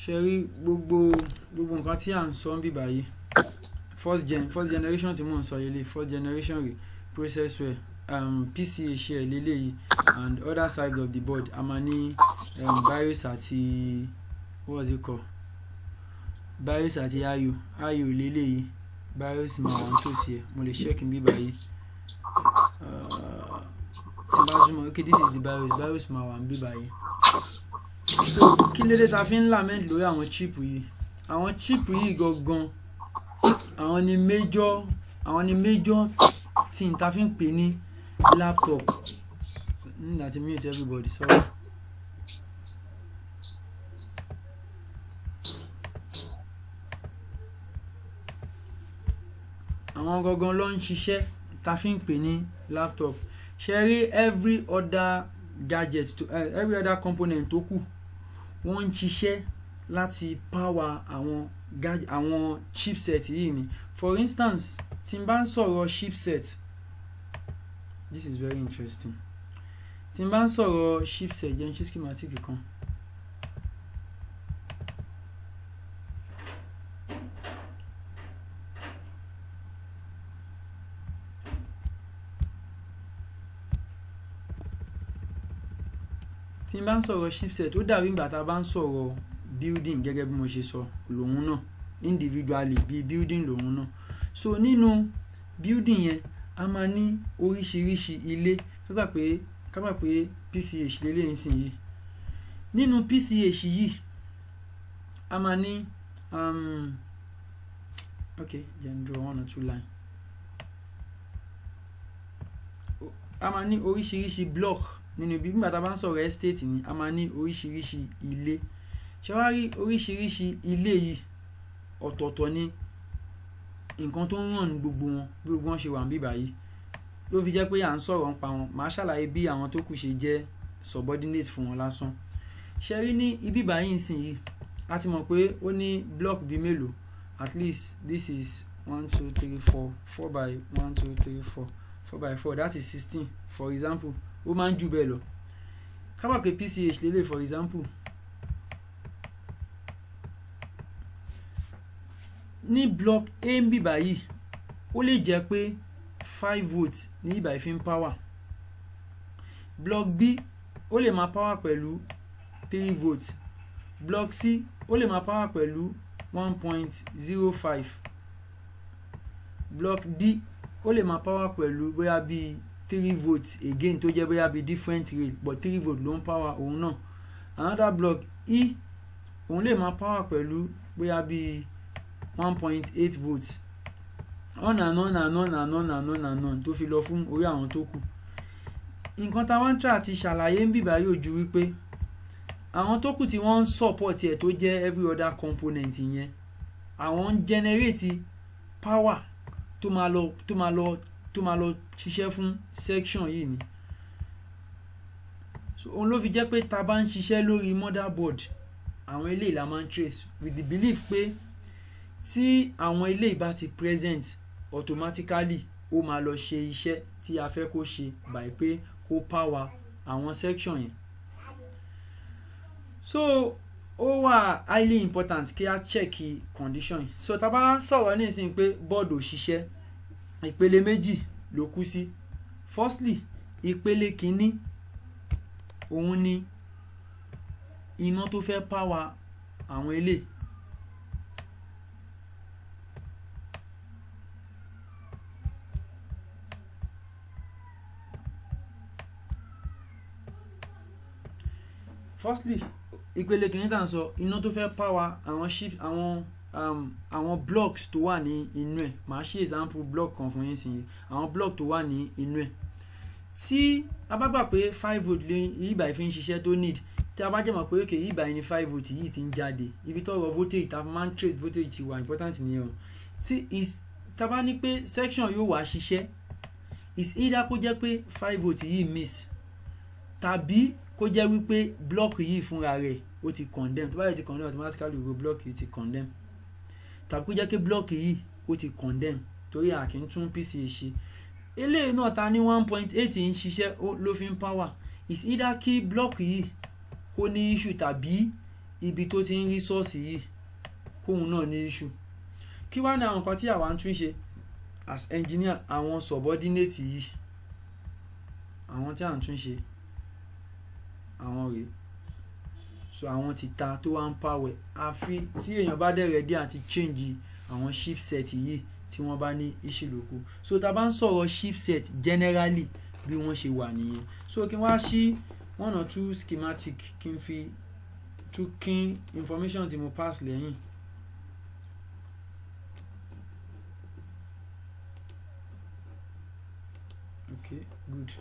S1: ṣe rí gbogbo gbogbo nǹkan tí à ń sọ ń bíbáyìí first gen first generation tí mò ń sọ lélẹ̀ first generation rẹ̀ processor um, pca ṣe ẹ̀ yìí and other side of the board a máa ní um, BIOS àti what was it called BIOS àti IO IO lélẹ̀ yìí BIOS máa wà nítòsí ẹ̀ mo lè check bí báyìí uh, tí n bá súnmọ́ okay this is the BIOS BIOS máa wà níbí báyìí so kí lédè ta fi ń lament lórí àwọn chip yìí àwọn chip yìí gangan àwọn ni major àwọn ni major tí n ta fi ń pè ní laptop nígbà hmm, tí mute everybody sorry. àwọn gangan ló ń ṣiṣẹ́ ta fi ń pè ní laptop ṣe rí every other gadget to uh, every other component tó kù wọ́n ń ṣiṣẹ́ láti power àwọn àwọn chipset yìí ni for instance tí n bá ń sọ̀rọ̀ chipset this is very interesting tí n bá ń sọ̀rọ̀ chipset jẹ́ n ṣe schematic kan. tí n bá ń sọ̀rọ̀ chipset ó dàbí ìgbà tá a bá ń sọ̀rọ̀ building gẹ́gẹ́ bí mo ṣe sọ lòun náà individually bí building lòun náà so nínú building yẹn a máa ní oríṣiríṣi ilé kábà pé kábà pé PCH lélẹ̀ ń sìn yìí nínú PCH yìí a máa ní um, okay then draw one or two line a máa ní oríṣiríṣi block nínú ibi nígbà tá a bá ń sọ̀rọ̀ estate ni a máa ní oríṣiríṣi ilé ṣé wàá rí oríṣiríṣi ilé yìí ọ̀tọ̀ọ̀tọ̀ ni nǹkan tó ń ràn ní gbogbo wọn bí gbogbo wọn ṣe wà ń bíbà yìí ló fi jẹ́ pé à ń sọ̀rọ̀ ń pa wọn màá ṣàlàyé bí àwọn tó kù ṣe jẹ́ subordinate fún wọn lásán ṣe rí ní ibíbà yìí nsìn yìí a ti mọ̀ pé ó ní block bíi mélòó at least this is one two three four four by one two three four four by four that is sixteen for example ó máa ń jù bẹ́ẹ̀ lọ kábàpé pch lélẹ̀ for example ní block a ń bì báyìí ó lè jẹ́ pé five volts ní ìbàyí fi ń power block b ó lè máa power pẹ̀lú three volts block c ó lè máa power pẹ̀lú one point zero five block d ó lè máa power pẹ̀lú bóyá bíi three volts again tó jẹ́ bóyá bíi different rail but three volts ló ń power òun náà another block e òun lè máa power pẹ̀lú bóyá bíi. 1.8 volts on and on and on and on and on and on tó fi lọ fún orí àwọn tó kù nǹkan tá a wá ń tà àti ṣàlàyé ń bìbá yóò ju wípé àwọn tó kù tí wọ́n ń support ẹ̀ tó jẹ́ every other component yẹn àwọn ń generate power tó máa lọ tó máa lọ tó máa lọ ṣiṣẹ́ fún section yìí ni so òun ló fi jẹ́ pé tá bá ń ṣiṣẹ́ lórí motherboard àwọn eléyìí la máa ń trace with the belief pé tí àwọn ilé ìbá ti present automatically ó máa lọ ṣe iṣẹ́ tí a fẹ́ kó ṣe by pé kó power àwọn section yẹn so ó wà highly important kí a check condition yìí so tá a bá sọ̀rọ̀ nísìnyí pé bọ́ọ̀dù òṣìṣẹ́ ìpele méjì ló kú sí firstly ìpele kìíní òun ni iná tó fẹ́ power àwọn eléyìí firstly ìpele kìíní tá à ń sọ iná tó fẹ́ power àwọn ship àwọn um, àwọn blocks tó wà ní inú ẹ̀ màá ṣe example block kan fún yín sí àwọn block tó wà ní inú ẹ̀ tí a bá gbà pé five volt lè yíba ìfi ń ṣiṣẹ́ tó need tí a bá jẹ́ mọ̀ pé òkè yíba ẹni five volt yìí ti ń jáde ibi tọrọ voltage ta máa ń trace voltage ti wà important nìyẹn o tí is ta bá ní pé section yóò wá ṣiṣẹ́ is either kó jẹ́ pé five volt yìí miss tàbí kó jẹ́ wípé block yìí fúnra rẹ̀ ó ti condemn tó bá yẹ ti condemn automatically ro block yìí ti condemn tàbí kó jẹ́ pé block yìí ó ti condemn torí àkì ń tún pc ṣe eléyìí náà ta ní one point eight ń ṣiṣẹ́ ló fi ń power is either kí block yìí kó ní issue tàbí ibi tó ti ń rí sọ́ọ̀sì yìí kóun náà ní issue kí wá ní àwọn nǹkan tí àwa ń tún ṣe as engineer àwọn subordinate yìí àwọn tí à ń tún ṣe àwọn rèé so àwọn ti ta tó wá ń pàwẹ̀ àfi tí èèyàn bá dẹ̀ rẹ̀dí àti change àwọn chipset yìí tí wọ́n bá ní issue lóko so tá a bá ń sọ̀rọ̀ chipset generally bí wọ́n ṣe wà nìyẹn so kí n wá sí one or two schematic kí n fi tún kín information tí mo pass lẹ́yìn. okay good.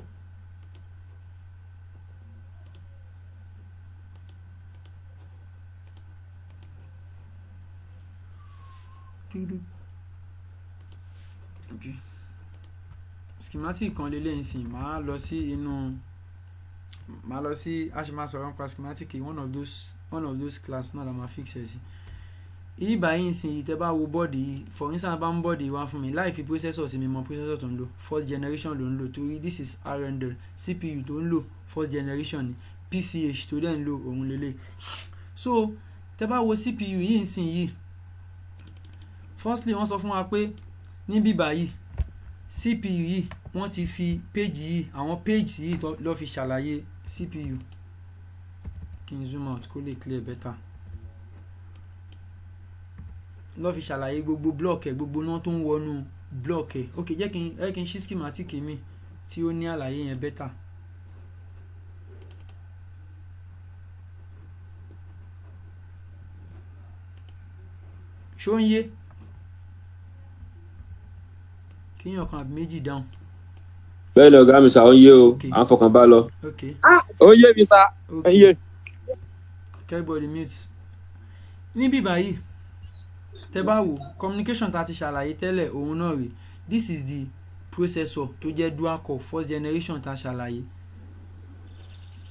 S1: okay. schematic kan lélẹ́yìn sìn máa lọ sí inú máa lọ sí a ṣe nípa schematic one of those one of those class náà la máa fix ẹ̀ sí ìbá yìí sìn yìí tẹ́ bá wo bọ́ọ̀dì for instance bá ń bọ́ọ̀dì wá fún mi láì fi processor sí mi mọ processor tó ń lò first generation ló ń lò torí this is R&D CPU tó ń lò first generation ni PCH tó dẹ̀ ń lò òun lélẹ̀ so tẹ́ bá wo CPU yìí sìn yìí firstly wọ́n sọ fún wa pé níbí báyìí CPU yìí wọ́n ti fi page yìí àwọn page yìí lọ́ fi ṣàlàyé CPU kí n zoom out kó lè clear better lọ́ fi ṣàlàyé gbogbo blọ́ọ̀kì ẹ̀ gbogbo náà tó ń wọnú block. ẹ̀ ok jẹ́ kí n jẹ́ kí n ṣí schematic mi tí ó ní àlàyé yẹn better. ṣó ń yé kíyàn kan àbí méjì dáhùn.
S2: bẹ́ẹ̀ ni ọ̀gá mi sà ó ń yé
S3: o à ń fọkàn bá lọ. ó yé mi sà ó ń yé.
S1: everybody mute. níbí báyìí tẹ bá wò communication tá a ti ṣàlàyé tẹ́lẹ̀ òun náà rèé this is the processor tó jẹ́ dual core first generation tá ṣàlàyé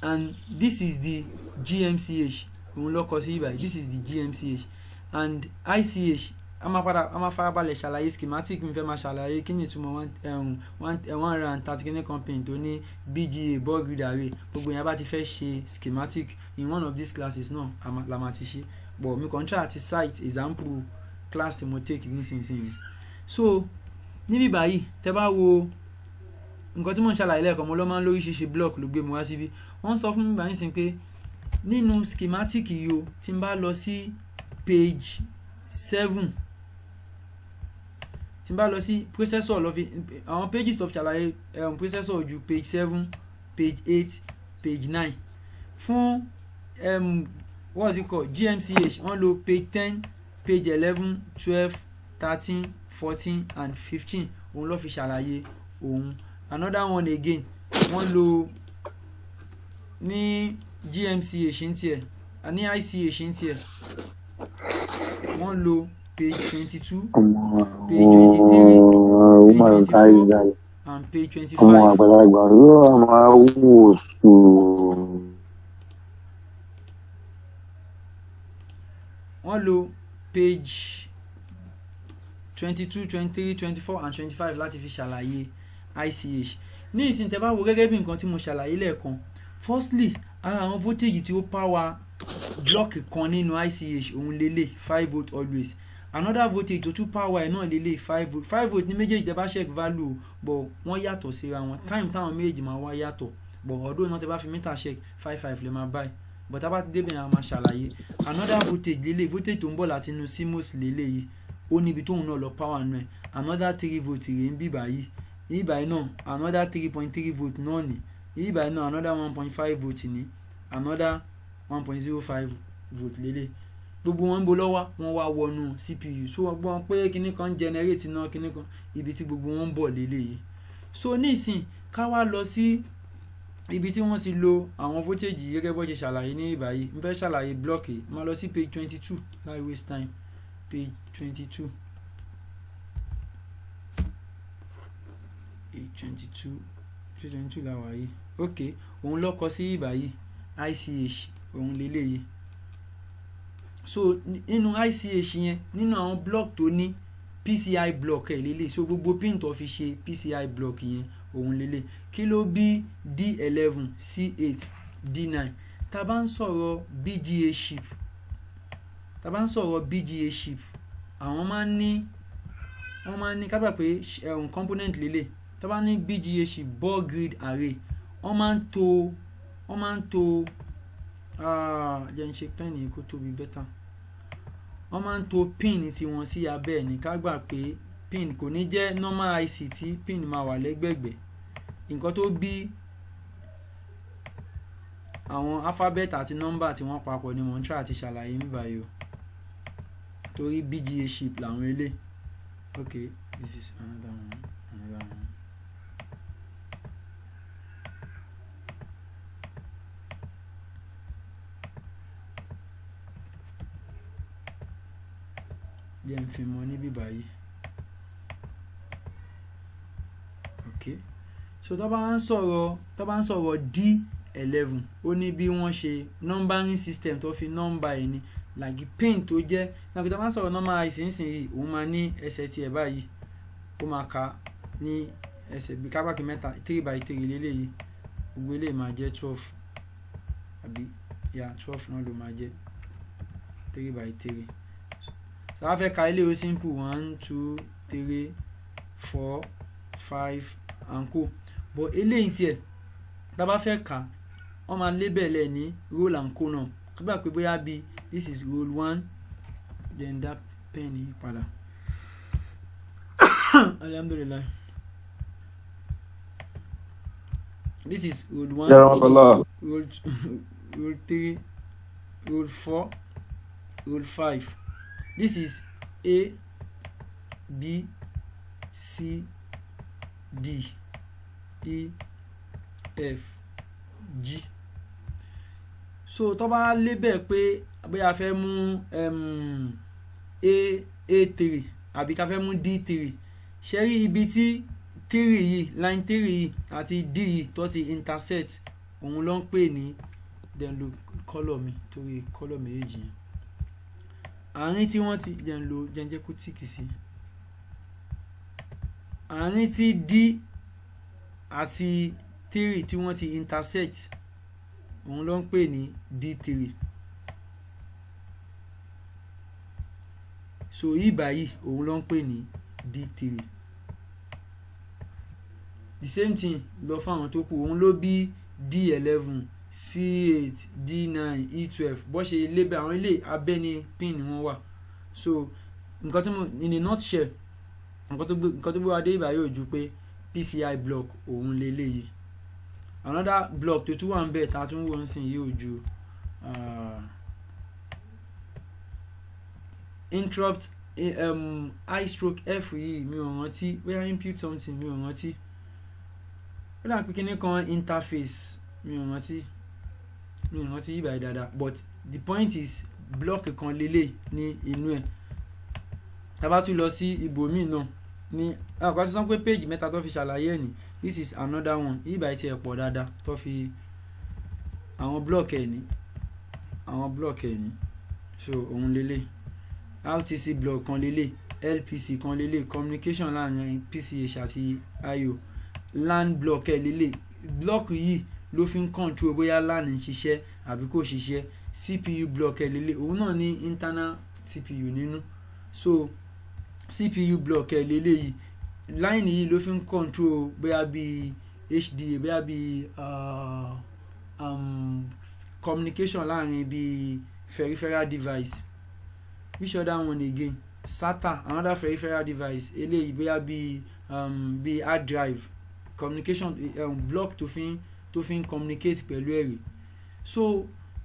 S1: and this is the GMCH òun lọ́kọ sí ibà this is the GMCH and ICH a máa padà a máa farabalẹ̀ ṣàlàyé schematic mi fẹ́ máa ṣàlàyé kí ni ìtumọ̀ one um, um, hundred and thirty kìíní company tó ní BGA ball grid array gbogbo yẹn bá ti fẹ́ ṣe schematic in one of these classes náà la máa ti ṣe but mi kàn ń try àti site example class tí mo take nísinsìnyí so níbí báyìí tẹ́ bá wo nǹkan tí mò ń ṣàlàyé lẹ́ẹ̀kan mo lọ́ máa ń lóríṣiríṣi block ló gbé mi wá síbí wọ́n sọ fún mi báyìí sí pé nínú schematic yìí o tí n bá lọ sí page seven tí n bá lọ sí processor lọ fi àwọn pages of fi ṣàlàyé um, processor ju page seven page eight page nine fún um, what's it called gmch wọ́n lo page ten page eleven twelve thirteen fourteen and fifteen òun ló fi ṣàlàyé òun another one again wọ́n lo ní gmch ń tiẹ̀ ní ich ń tiẹ̀ wọ́n lò page twenty-two page
S3: twenty-three page twenty-four and page twenty-five. ọmọ
S1: wọ́n lo page twenty-two twenty twenty-four and twenty-five láti fi ṣàlàyé ICH ní ìsìn tẹ́ bá wo gẹ́gẹ́ bí nǹkan tí mo ṣàlàyé lẹ́ẹ̀kan firstly ara àwọn voltage tí ó power block kan nínú ICH òun lélẹ̀ five volt always another voltage to two power ẹ̀ náà lélẹ̀ five volt five volt ní méjèèjì tẹ́ bá check value but wọ́n yàtọ̀ síra wọn mm-hmm. time táwọn méjèèjì máa wá yàtọ̀ but ọdún náà tẹ́ bá fi meter check five five lè máa báyìí but tábà ti débìnrin àwọn máa ṣàlàyé another voltage lélẹ̀ voltage tó ń bọ̀ láti inú CMOS lélẹ̀ yìí ó níbi tóun náà lọ power nù another three volt rèé ń bíbà yìí yíbà iná another three point three volt náà ni yíbà iná another one point five volt ni another one point zero five volt lélẹ̀ gbogbo wọn ń bo lọ́wọ́ wọn wá wọnú CPU so wọn gbọ́n pé kinní kan generate náà kinní kan ibi tí gbogbo wọn ń bọ̀ lélẹ́yìí so nísìn ká wá lọ sí ibi tí wọ́n ti lo àwọn voltage gẹ́gẹ́ bọ́ ṣe ṣàlàyé ní ìbàyí n fẹ́ ṣàlàyé block yìí máa lọ sí page twenty two láì waste time page twenty two page twenty two page twenty two làwà yìí ok òun lọ́kọ sí ìbàyí ICH òun lélẹ́yìí so nínú ICH yẹn nínú àwọn block tó ní PCI block ẹ̀ lélẹ̀ so gbogbo pin tó fi ṣe PCI block yẹn òun lélẹ̀ kilo B D11 C8 D9 tá a bá BGA chip tá a bá BGA chip àwọn máa ń ní wọ́n máa ń ní kábà pé um, component lélẹ̀ tá a ní BGA chip ball grid array wọ́n máa ń to wọ́n máa ń to Ah, jẹ́ ń ṣe pẹ́ẹ̀nì kó tóbi bẹ́tà wọ́n máa ń to pin tiwọn sí abẹ́ ẹ̀ ní ká gbà pé pin kò ní jẹ́ normal IC tí pin máa wà lẹ́gbẹ̀gbẹ̀ nǹkan tó bí àwọn alphabet àti nọ́mbà tí wọ́n papọ̀ ni mọ̀ntrà àti ṣàlàyé ń báyìí o torí BGA ship làwọn eléyìí okay this is another one another one. jẹ́ ń fi mọ níbí báyìí ok so tó bá ń sọ̀rọ̀ tó bá ń sọ̀rọ̀ d eleven ó ní bí wọ́n ṣe numbering system tó fi number ẹ̀ ni like pin tó jẹ́ náà kí tó bá ń sọ̀rọ̀ normal ìsinsìnyí òun máa ní ẹsẹ̀ tiẹ̀ báyìí ó máa ka ní ẹsẹ̀ bíi kábàkì mẹ́ta three by three lélẹ́yìí gbogbo eléyìí máa jẹ́ twelve àbí ya twelve náà ló máa jẹ́ three by three tá a fẹ́ ka ilé o simple one two three four five and co but eléyìí tiẹ̀ tá a bá fẹ́ kà wọ́n máa label ẹ̀ ní roll and column tó gbà pé bóyá bíi this is roll one then that pen yí padà alhamdulilayi this is roll one yeah, this is roll, roll three roll four roll five this is a b c d e f g so tó bá lébẹ̀ pé bóyá a fẹ́ mú um, a a three àbí ká fẹ́ mú d three ṣe rí ibi tí three yìí line three yìí àti d yìí tó ti intersect òun ló ń pè ní then lo kọ́lọ̀ mi torí kọ́lọ̀ méjèèjì yẹn àárín tí wọ́n ti jẹ́ ń lo jẹ́njẹ́ kó tíìkì sí àárín tí d àti 3 tí wọ́n ti intersect òun ló ń pè ní d3 so yìí báyìí òun ló ń pè ní d3 the same thing lọ fún àwọn tó kù òun ló bí d11 c eight d nine e twelve. bó ṣe lébẹ àwọn ilé abẹ́ ni pin ni wọ́n wà so nǹkan tó mú in a nutshell nǹkan tó gbé wa dé yóò ju pé PCI block òun leléyìí another block tó tún wà ń bẹ̀ tá a tún wò sìn yóò ju uh, interrupt um, i stroke f yìí mi ò rántí bóyá input something mi ò rántí ó dà pé kíní kan interface mi ò rántí mi ìrántí yìí báyìí dáadáa but the point is block kan lélẹ̀ ní inú ẹ̀ tá bá tún lọ sí ibòmíì náà ní àkọ́kọ́ sísan pé page mẹ́ta tó fi ṣàlàyé ẹ̀ ní this is another one yìí báyìí tiẹ̀ pọ̀ dáadáa tó fi àwọn block ẹ̀ ní àwọn block ẹ̀ ní so òun lélẹ̀ RTC block kan lélẹ̀ LPC kan lélẹ̀ communication láàrin PCH àti IO LAN block ẹ̀ lélẹ̀ block yìí ló fi ń control bóyá LAN ṣiṣẹ́ àbí kò ṣiṣẹ́ CPU block ẹ̀ lélẹ̀ òun náà ní internal CPU nínú so CPU block ẹ̀ lélẹ̀ yìí line yìí ló fi ń control bóyá bíi HDA bóyá bíi uh, um, communication láàrin bíi peripheral device which other one again SATA another peripheral device eléyìí bóyá bíi um, bíi hard drive communication um, block tó fi ń tó fi ń communicate pẹ̀lú ẹ̀rí so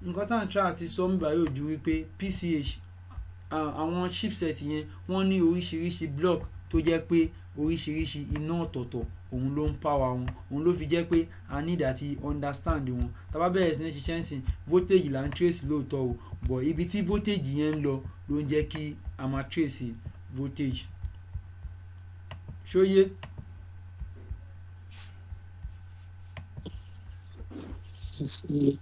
S1: nǹkan tá à ń tra àti sọ mi báyìí ò ju wípé PCH àwọn chipset yẹn wọ́n ní oríṣiríṣi block tó jẹ́ pé oríṣiríṣi iná ọ̀tọ̀ọ̀tọ̀ òun ló ń pàwà wọn òun ló fi jẹ́ pé a need àti understand wọn tá bá bẹ̀rẹ̀ sí ní ṣiṣẹ́ ǹsìn voltage là ń trace lóòótọ́ o but ibi tí voltage yẹn ń lọ ló ń jẹ́ kí a máa trace voltage ṣóyé. So, yeah. see.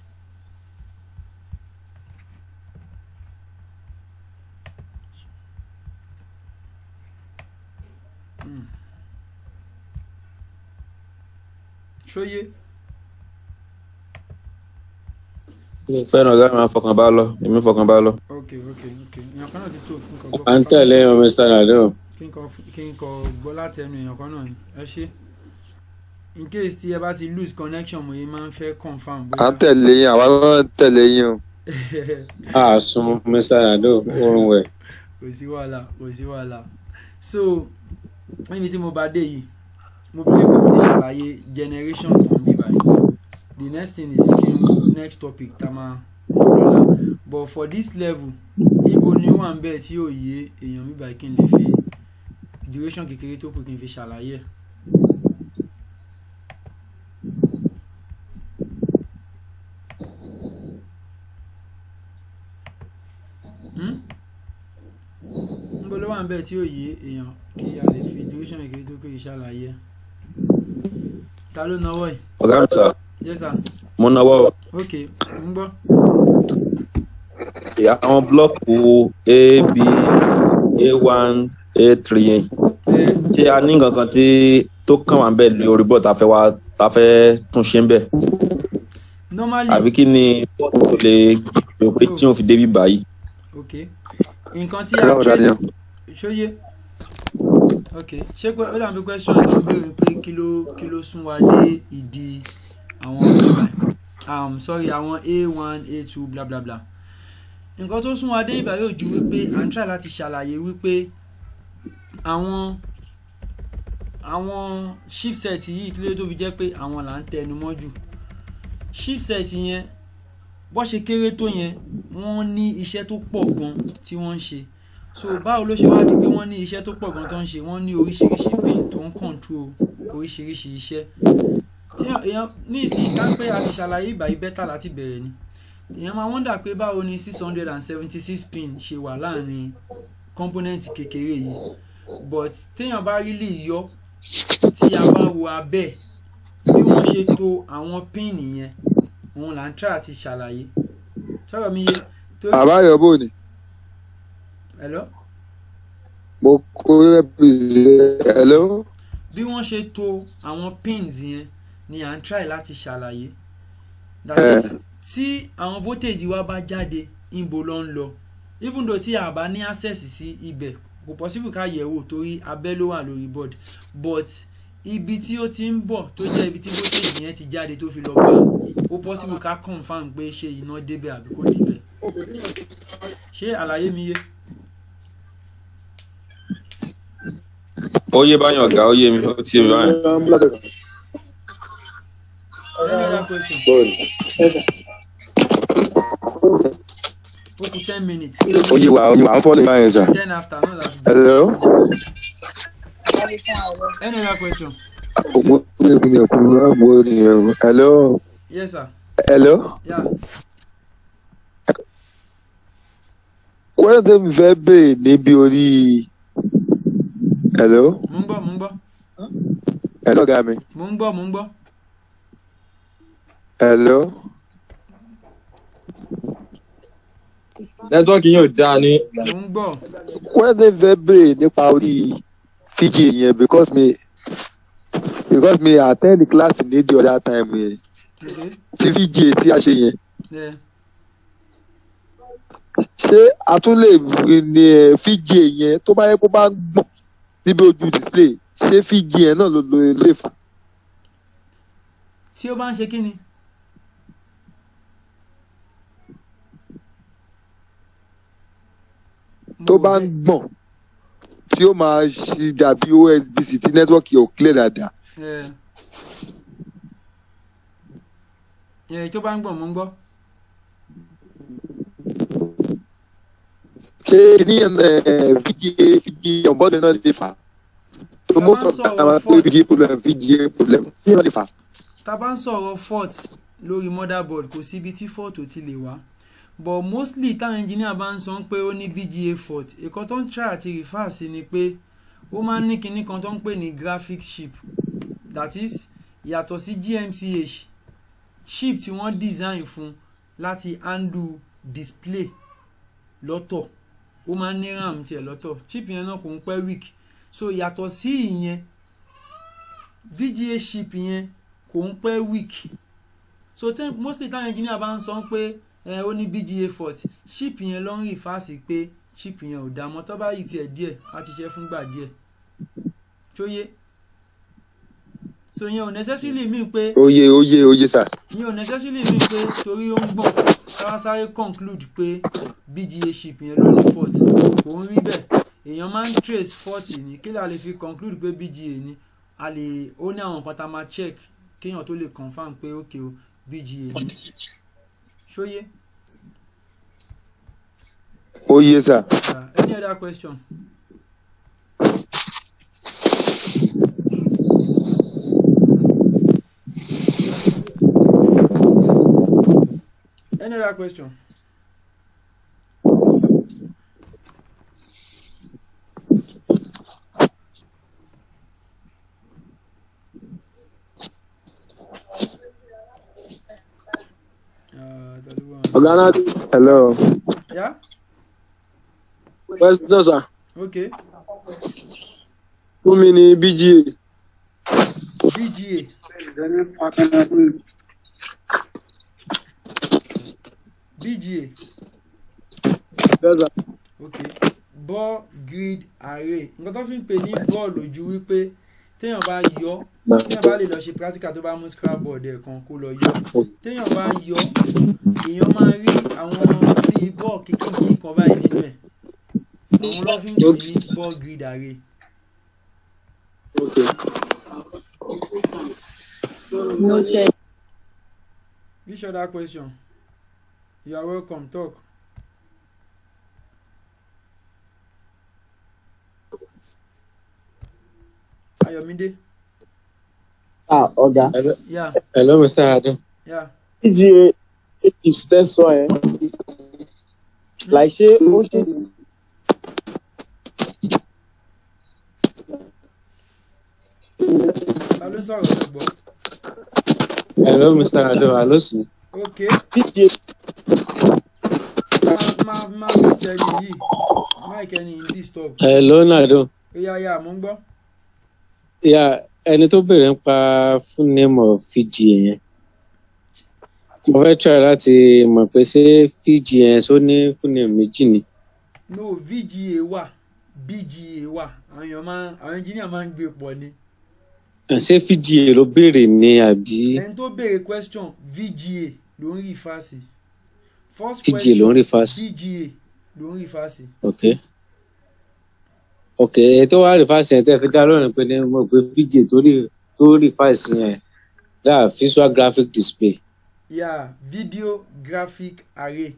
S1: ṣóyé.
S2: fẹ́ràn ọ̀gá mi máa fọkàn bá lọ èmi fọkàn bá ok ok
S1: ok èèyàn kan náà ti tó fún kan gbọ́. à ń tẹ̀lé ọmọ mr nadeo. kí in case tí ẹ bá ti lose connection mo yẹn máa ń fẹ́ confam. à
S3: ń tẹ̀lé yín àwa náà ń tẹ̀lé yín o. a ah, sun mr ado orun wẹ̀.
S1: kò sí wàhálà kò sí wàhálà so níbi tí mo bá dé yìí mo bí lè kọ́kọ́ ṣàlàyé generation kan bí the next thing is kí next topic tá but for this level ibo ni wà ń bẹ̀ tí yóò yé èèyàn mi báyìí kí n lè fi duration kékeré tó kù kí n fi ṣàlàyé wà ń bẹ tí ó yé èèyàn kí a lè fi duration ìkiri tó péye ṣàlàyé ta ló nawọ́ yìí. ọ̀gá mi sà. yes sà. mo nawọ́. ok ń gbọ́.
S2: àwọn blọọkù a b a one a three ṣé a ní nǹkan kan tí tó kàn wá ń bẹ lórí bọ́ọ̀ tá a fẹ́ wá ta fẹ́ tún ṣe ń bẹ̀. àbí kí ni tó lè gbèrò pé tí wọ́n fi débi báyìí.
S1: nǹkan tí a ṣe ṣóyé ok ṣé ó dàbí question tó béèrè pé kí ló kí ló sún wa lé ìdí àwọn um, sorry àwọn a one a two bla bla bla nǹkan tó sún wa dé ìgbà yóò ju wípé à ń try láti ṣàlàyé wípé àwọn àwọn chipset yìí kí ló tó fi jẹ́ pé àwọn là ń tẹnu mọ́ jù chipset yẹn bó ṣe kéré tó yẹn wọ́n ní iṣẹ́ tó pọ̀ gan tí wọ́n ń ṣe so báwo ló ṣe wá sí pé wọ́n ní iṣẹ́ tó pọ̀ gan tó ń ṣe wọ́n ní oríṣiríṣi pain tó ń control oríṣiríṣi iṣẹ́ èèyàn ní ìsìn kápẹ́ àti ṣàlàyé ìbàyí bẹ́tà láti bẹ̀rẹ̀ ni èèyàn máa wọ́ndà pé báwo ni six hundred and seventy six pin ṣe wà láàrin kọ́mpónẹ́ǹtì kékeré yìí but téèyàn bá rí lè yọ tí a bá wo abẹ́ bí wọ́n ṣe to àwọn pin yẹn òun là ń try àti ṣàlàyé sọ̀rọ̀ mi yé. àbáyọ bò ní hello.
S3: mo kó represent hello.
S1: bí wọ́n ṣe to àwọn pins yẹn ni à ń try láti ṣàlàyé eh. tí àwọn voltage wa bá jáde ìbò ló ń lọ even though tí a bá ní access sí ibẹ̀ kò possible ká yẹ̀wò torí abẹ́ ló wà lórí board but ibi tí ó ti ń bọ̀ tó jẹ́ ibi tí voltage yẹn ti jáde tó fi lọ bá ó possible ká confam pé ṣé iná débẹ̀ àbí kò débẹ̀ ṣé àlàyé mi yé.
S3: ó yé báyọ̀ ọ̀gá ó yé mi ó ti yé mi báyọ̀. ó yé wa ó yé wa ń fọ́ nípa yẹn sà. hello.
S1: any other question.
S3: mo ní ẹkún ní ẹkún ní àgbo ní ẹkún hello. yes sir. hello. Yeah. kwẹ́ńtẹ́ mi fẹ́ bèè níbi orí hello. mo ń gbọ́ mo ń gbọ́. hello ọ̀gá mi.
S1: mo ń gbọ́ mo ń gbọ́.
S3: hello. nẹ́tíwọ́ọ̀kì yóò dáa ní. mo ń gbọ́. wẹ́ẹ́dẹ̀ fẹ́ bèrè nípa orí fiji yẹn because mi because mi attend the class ní the other time yẹn ti fiji tí a ṣe yẹn ṣé a tún lè ní eh, fiji yẹn tó bá yẹ kó bá ń gbọ̀n níbi ojú display ṣé fíjì ẹ̀ náà ló lo ilé fún.
S1: tí ó bá ń ṣe kí ni.
S3: tó bá ń gbọ̀n tí ó máa ṣe dàbí OSBC tí nẹ́tíwọ́ọ̀kì ò clear dáadáa.
S1: ẹ ẹ tó bá ń gbọ̀n mo ń gbọ́
S3: ṣé kìnìún VGA VGA ọ̀bọ̀dọ̀ náà lè fà tó most
S1: of the time pé
S3: VGA problem VGA problem kìnìún náà lè fà.
S1: tá a bá ń sọ̀rọ̀ motherboard kò síbi tí fault ò ti lè wá but mostly táwọn engineer bá ń sọ pé ó ní VGA Fort. ẹ̀kọ́ tó ń try àti refer sí ni pé ó máa ń ní kinní kan tó ń pè ní graphics chip that is yàtọ̀ sí GMCH chip tí wọ́n design fún láti handle display lọ́tọ̀ ó máa ń ní ram tiẹ̀ lọ́tọ̀ chip yẹn náà kò ń pẹ́ weak so yàtọ̀ sí ìyẹn VGA chip yẹn kò ń pẹ́ weak so ten mostly táwọn engineer bá ń sọ pé ẹ ó ní BGA fault chip yẹn ló ń rí fásì pé chip yẹn ò dá mọ́ tó bá yìí tiẹ̀ díẹ̀ á ṣiṣẹ́ fúngbà díẹ̀ tó so ìyẹn ò necessarily mean pé. oye oye oye sa. ìyẹn ò necessarily mean pé torí ó ń gbọ̀n káwá sáré conclude pé BGA ship yẹn ló ní fault kò ń rí bẹ́ẹ̀ èèyàn máa ń trace fort ni kí la lè fi conclude pe. BGA ni a lè ó ní àwọn nǹkan tá a máa check kéèyàn tó lè confirm pé ok o BGA ni ṣóyé. oye sa. any other question. Any other question?
S3: Euh, hein. Ogana, hello. Yeah? Where's Zaza? Okay. Who mini BGA? BGA.
S1: BGA. Yes, sir. Okay. Ball grid array. Nǹkan tó fi ń pè ní bọ́ọ̀lù ojú wípé téèyàn bá yọ téèyàn bá lè lọ ṣe practical tó bá mú scrapboard ẹ̀ kan kó lọ yọ. Téèyàn bá yọ èèyàn máa rí àwọn bíi bọ́ọ̀ kékeré kan báyìí nínú ẹ̀. Àwọn ló fi ń pè ní ball grid array. Okay. Which other question? you are welcome talk. Ayọ̀mídé. ah ọ̀gá. hello yeah.
S2: hello mr adam. Yeah.
S3: pga if tẹ́sán ẹ̀ like ṣé ó ṣe.
S1: ta ló sọ̀rọ̀
S3: ẹ̀ hello
S2: mr adam alo sùn.
S1: okay má ló ti ẹni yìí mike ẹni yìí disturb. hello Nado. ìyá ìyá mo ń gbọ́.
S2: ìyá ẹni tó béèrè ń pa full name of Fiji yẹn mo fẹ́ try láti mọ̀ pé ṣé Fiji yẹn ṣó ní full name méjì ni.
S1: no VGA wà BGA wà àwọn èèyàn máa àwọn engineer máa ń gbé pọ̀ ni.
S2: ṣé VGA ló béèrè ni àbí. ẹni
S1: tó béèrè question VGA ló ń rí fásitì first question pga ló ń rí fásì pga ló ń rí fásì.
S2: ok ok ẹ tó wá rí fásì yẹn tẹ́ fi dá lọ́rùn pé ní mo pé pga tó rí tó rí fásì yẹn dá visual graphic display.
S1: ya yeah, video graphic array.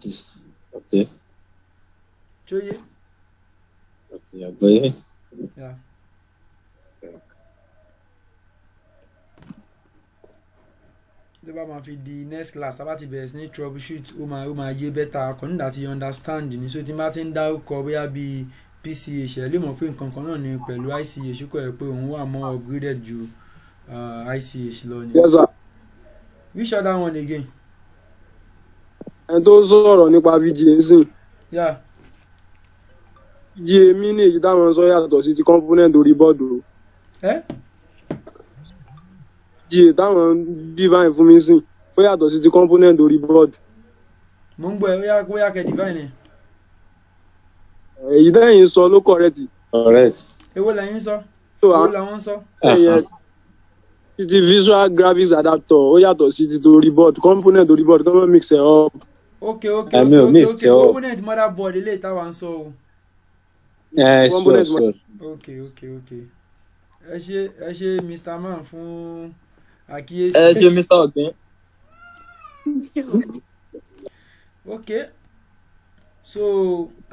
S2: This, ok.
S1: tó yé. ok àgbọ̀yé. Yeah. tó máa fi di next class tá ti bẹ̀rẹ̀ sí ní troubleshoot ó máa ó máa yé bẹ́tà akọ nígbà tí understand ni so tí bá ti ń dárúkọ bóyá bíi PCH ẹ lè pé nǹkan kan náà ni pẹ̀lú ICH kọ́ ẹ pé òun wà more upgraded ju ICH uh, lọ ni. which other one again.
S3: ẹni tó sọ̀rọ̀ nípa VGA sìn. yeah. VGA mini èyí táwọn sọ yàtọ̀ sí ti component orí bọ́ọ̀dù. ẹ́ eh? GA táwọn divine fún mi sìn ó yàtọ̀ sí ti component orí board.
S1: mo ń gbọ́ ẹ bóyá bóyá kẹ divine ẹ.
S3: èyí lẹ́yìn sọ ló correct. correct.
S1: èwo lẹ́yìn sọ èwo ah, làwọn sọ. Eh, ti ti visual
S3: graphics adapter ó yàtọ̀ sí ti torí board component orí board kọ́mọ́ mix ẹ̀ up.
S1: ok ok eh, ok ok component motherboard ilé ìta wa ń sọ o.
S3: ẹ eh, sure sure.
S1: ok ok ok ẹ ṣé ẹ ṣé Mr Man fún àkíyèsí. ẹ ṣe mr ọgbẹ. ok so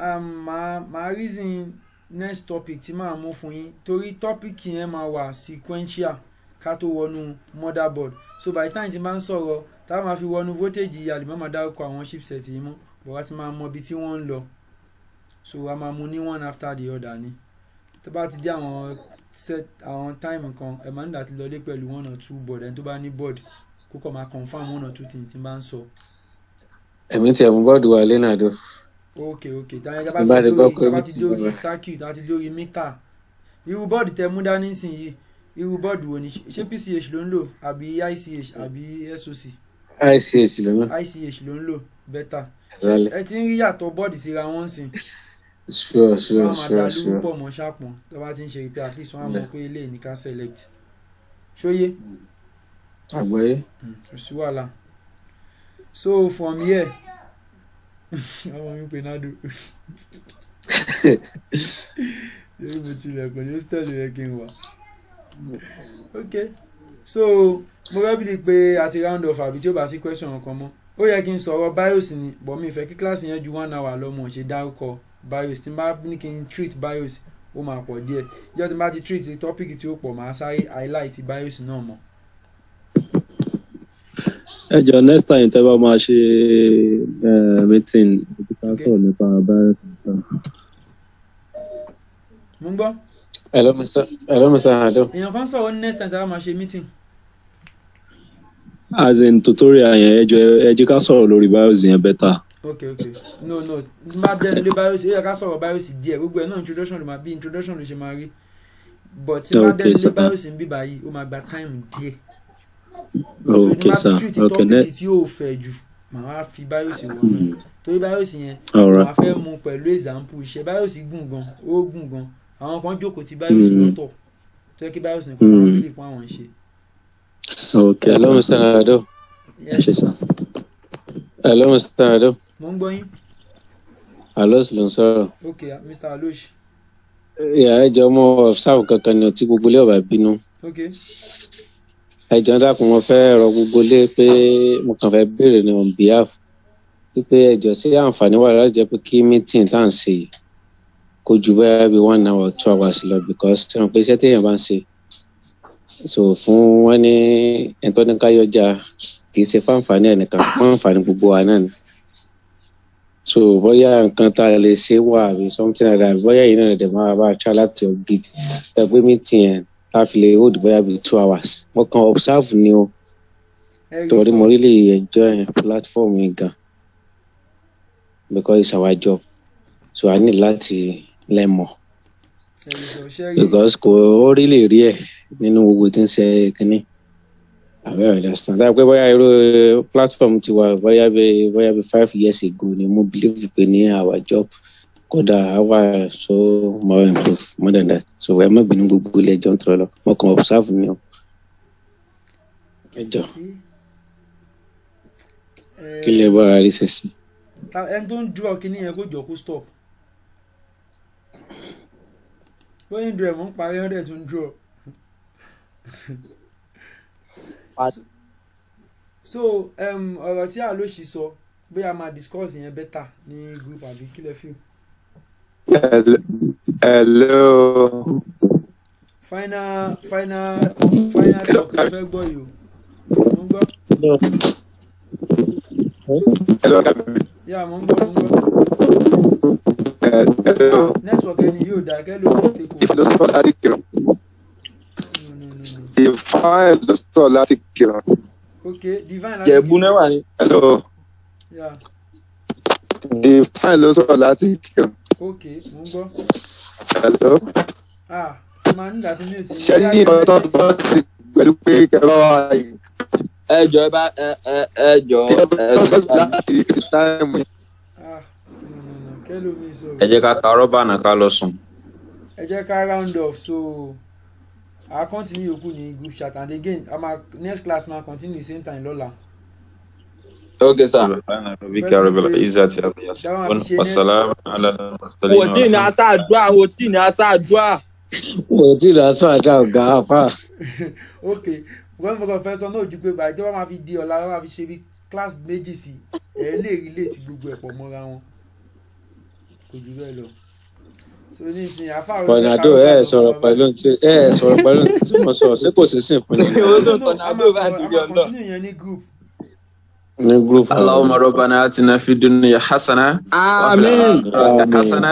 S1: um, màá màá reason next topic tí màá mú fún yín torí topic yẹn máa wà sequential ká tó wọnú motherboard so by the time tí máa ń sọ̀rọ̀ tá a fi wọnú voltage yìí àlùmọ́ máa dárúkọ àwọn chipset yìí mọ́ bọ̀wá ti máa mọ ibi tí wọ́n ń lọ so a máa mú ní one after the other ni tó bá ti dé àwọn set àwọn time kan ẹ máa ní láti lọlé pẹ̀lú one or two board ẹni tó bá ní board kó kọ̀ máa confirm one or two things tí n bá ń sọ.
S2: èmi tiẹ̀ mú bọ́ọ̀dù wa lé nàdó.
S1: ok ok tàyẹn tá bá ti dórí circuit tá bá ti dórí mítà irú bọ́ọ̀dù tẹ mú dání sìn yìí irú bọ́ọ̀dù wo ni ṣé pch ló ń lò àbí ich àbí soc. ich ló ń lò. ich ló ń lò bẹ́tà ẹ ti ń rí yàtọ̀ bọ́ọ̀dù síra wọ́n sìn
S2: sure sure sure sure wọn máa dá lórúkọ
S1: mọ ṣàpọn tó bá ti ń ṣe repair at least wọn á mọ pé ilé ní ká select ṣóyé. Mm. àgbọ̀yé. Mm, kò sí wàhálà so from here ọmọ mi pe nado yóò bó tilẹ̀kùn ní hostel yẹ kí n wà ok so mo fẹ́ bìlì pé àti round off àbí tí ó bá sí question kan mọ́ ó yẹ kí n sọ̀rọ̀ bios ni bọ̀ mi fẹ́ kí kíláàsì yẹn ju one hour lọ mọ̀ ṣe dárúkọ bios tí n bá ní kí n treat bios ó máa pọ̀ díẹ̀ jẹ́ tí n bá ti treat topic tí ó pọ̀ máa sáré highlight bios náà mọ́.
S2: ẹ jọ next time tẹ bá máa ṣe meeting òkúta sọ̀rọ̀ nípa bios nìkan.
S1: mo ń gbọ́. hello mr hello mr hado. èèyàn kan sọ̀rọ̀ next time tẹ bá máa ṣe meeting
S2: as in tutorial yẹn ẹ jẹ́ ká sọ̀rọ̀ lórí bios yẹn better
S1: ok ok no no má dẹnu lé báyọsì ó yẹ ká sọ̀rọ̀ báyọsì díẹ̀ gbogbo ẹ̀ náà introduction ló máa bí introduction ló ṣe máa rí but tí má dẹnu lé báyọsì ń bí báyìí ó máa gba time díẹ̀ ok sir ok net tí yóò fẹ̀ jù màá wá fi báyọsì wọnú hmm. torí báyọsì yẹn màá fẹ́ mu pẹ̀lú example iṣẹ́ báyọsì gùn gan ó gùn gan àwọn kan jókòó ti báyọsì hmm. lọ́tọ̀ tó yẹ kí báyọsì nìkan máa hmm. lè fún àwọn ṣe.
S2: ok ẹ lọ́mọ sàn àdó ẹ ṣe sàn ẹ lọ́mọ sàn àdó mo ń gbọ́ yín. alosh ló ń sọ̀rọ̀.
S1: ok ah, mr alosh.
S2: ìyá ẹjọ mọ ọsáàfù kankan ni ọtí gbogbo ilé ọba bínú. ok. ẹjọ dákun mo fẹ́ rọ gbogbo ilé pé mo kàn fẹ́ béèrè ní on behalf wípé ẹjọ sí àǹfààní wà láti jẹ pé kí meeting tá à ń ṣe kó ju bẹ́ẹ̀ bí one hour two hours lọ because ṣé wọn pé iṣẹ́ téèyàn bá ń ṣe so fún wọn ní ẹ̀ńtọ́ni káyọjà kì í ṣe fáǹfààní ẹnìkan fún gbogbo wa náà ni so bóyá nǹkan tá a lè ṣe wà àbí something like that bóyá yìí náà dẹ̀ máa bá a try láti ọ̀gig ẹ pé meeting yẹn tá a fi lè hold bóyá bíi two hours mo kàn observe ni o torí mo really enjoy platform yìí gan because it's our job so i need láti learn more because kò ó really lè rí ẹ nínú gbogbo tí ń ṣe kínní àbẹ understand dáa pé bóyá irú platform ti wà bóyá bí bóyá bí five years ago ni mo believe pé ní our job kódà àwa so more improve more than that so ẹ má bínú gbogbo ilé ẹjọ́ ń tọrọ lọ mo kàn observe mi o ẹjọ́ kí lè bá rí sẹ́sì.
S1: ẹni tó ń ju ọkìnrin yẹn kó jọ kó stop bóyá ń du ẹ̀ mọ́ ń parí ọ́dẹ̀ tó ń ju ọ so um, ọ̀rọ̀ tí àlóṣì sọ bóyá máa discuss yẹn better ní group àbí kílẹ̀ fíìmù.
S3: hello.
S1: final final final talk ló fẹ́ gbọ́ yìí o
S3: mo ń gbọ́. hello kabi.
S1: ya mo ń gbọ́ mo ń gbọ́. hello. network ẹni yóò dá kẹ́lò ó
S3: ti kú. ìfẹ́ ló sọ ọ́ adìkìrọ̀ divine ló sọ láti kírun.
S1: ok divine láti kírun.
S3: jẹ̀bú náà wà ní. hello. Yeah. divine ló sọ láti kírun.
S1: ok mo ń gbọ́. hello. ah màá nígbà tí mi ò ti.
S3: ṣé ní ọ̀tọ̀ tó ti pẹ̀lú pé kẹrọ ayé. ẹ jọ ẹ bá
S1: ẹ ẹ ẹ jọ ẹ jọ láti ṣáìmù. ẹ jẹ́
S2: ká ta rọ́bà náà ká lọ sùn.
S1: ẹ jẹ́ ká round off so. I continue yòókù ní group chat and again a ma next class ma continue same time Lola.
S2: Okay, sir. Wọ́n tí
S1: ní aṣá àdúrà, wọ́n tí ní aṣá àdúrà.
S3: Wọ́n tí ní
S2: aṣá àdúrà ọ̀gá apá.
S1: Okay, wọ́n mọ̀ kàn fẹ́ sọ náà ju pé bàjẹ́ ìjọba máa fi di ọ̀la, wọ́n máa fi ṣe bí class méjì sí ẹ̀ lè relate gbogbo ẹ̀ pọ̀ mọ́ra wọn. Kò jù bẹ́ẹ̀ lọ. Fọ̀nàdó ẹ sọ̀rọ̀
S2: pẹ̀lú ntí ẹ sọ̀rọ̀ pẹ̀lú ntí tí mo sọ̀rọ̀ sí kò sí sí ìpín. Owó tó
S1: Fọ̀nàdó bá dùn yọ̀ lọ.
S2: Ní gúrúùpù. Allahumma rabbana atina fid dunya hasana. Àmín. Hasana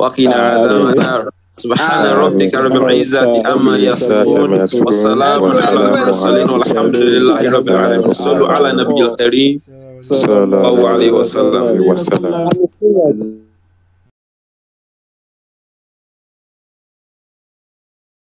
S2: wa qina adhaban nar. سبحان ربك رب العزة عما يصفون والسلام على المرسلين والحمد لله رب العالمين صلوا على النبي الكريم
S3: صلى الله عليه وسلم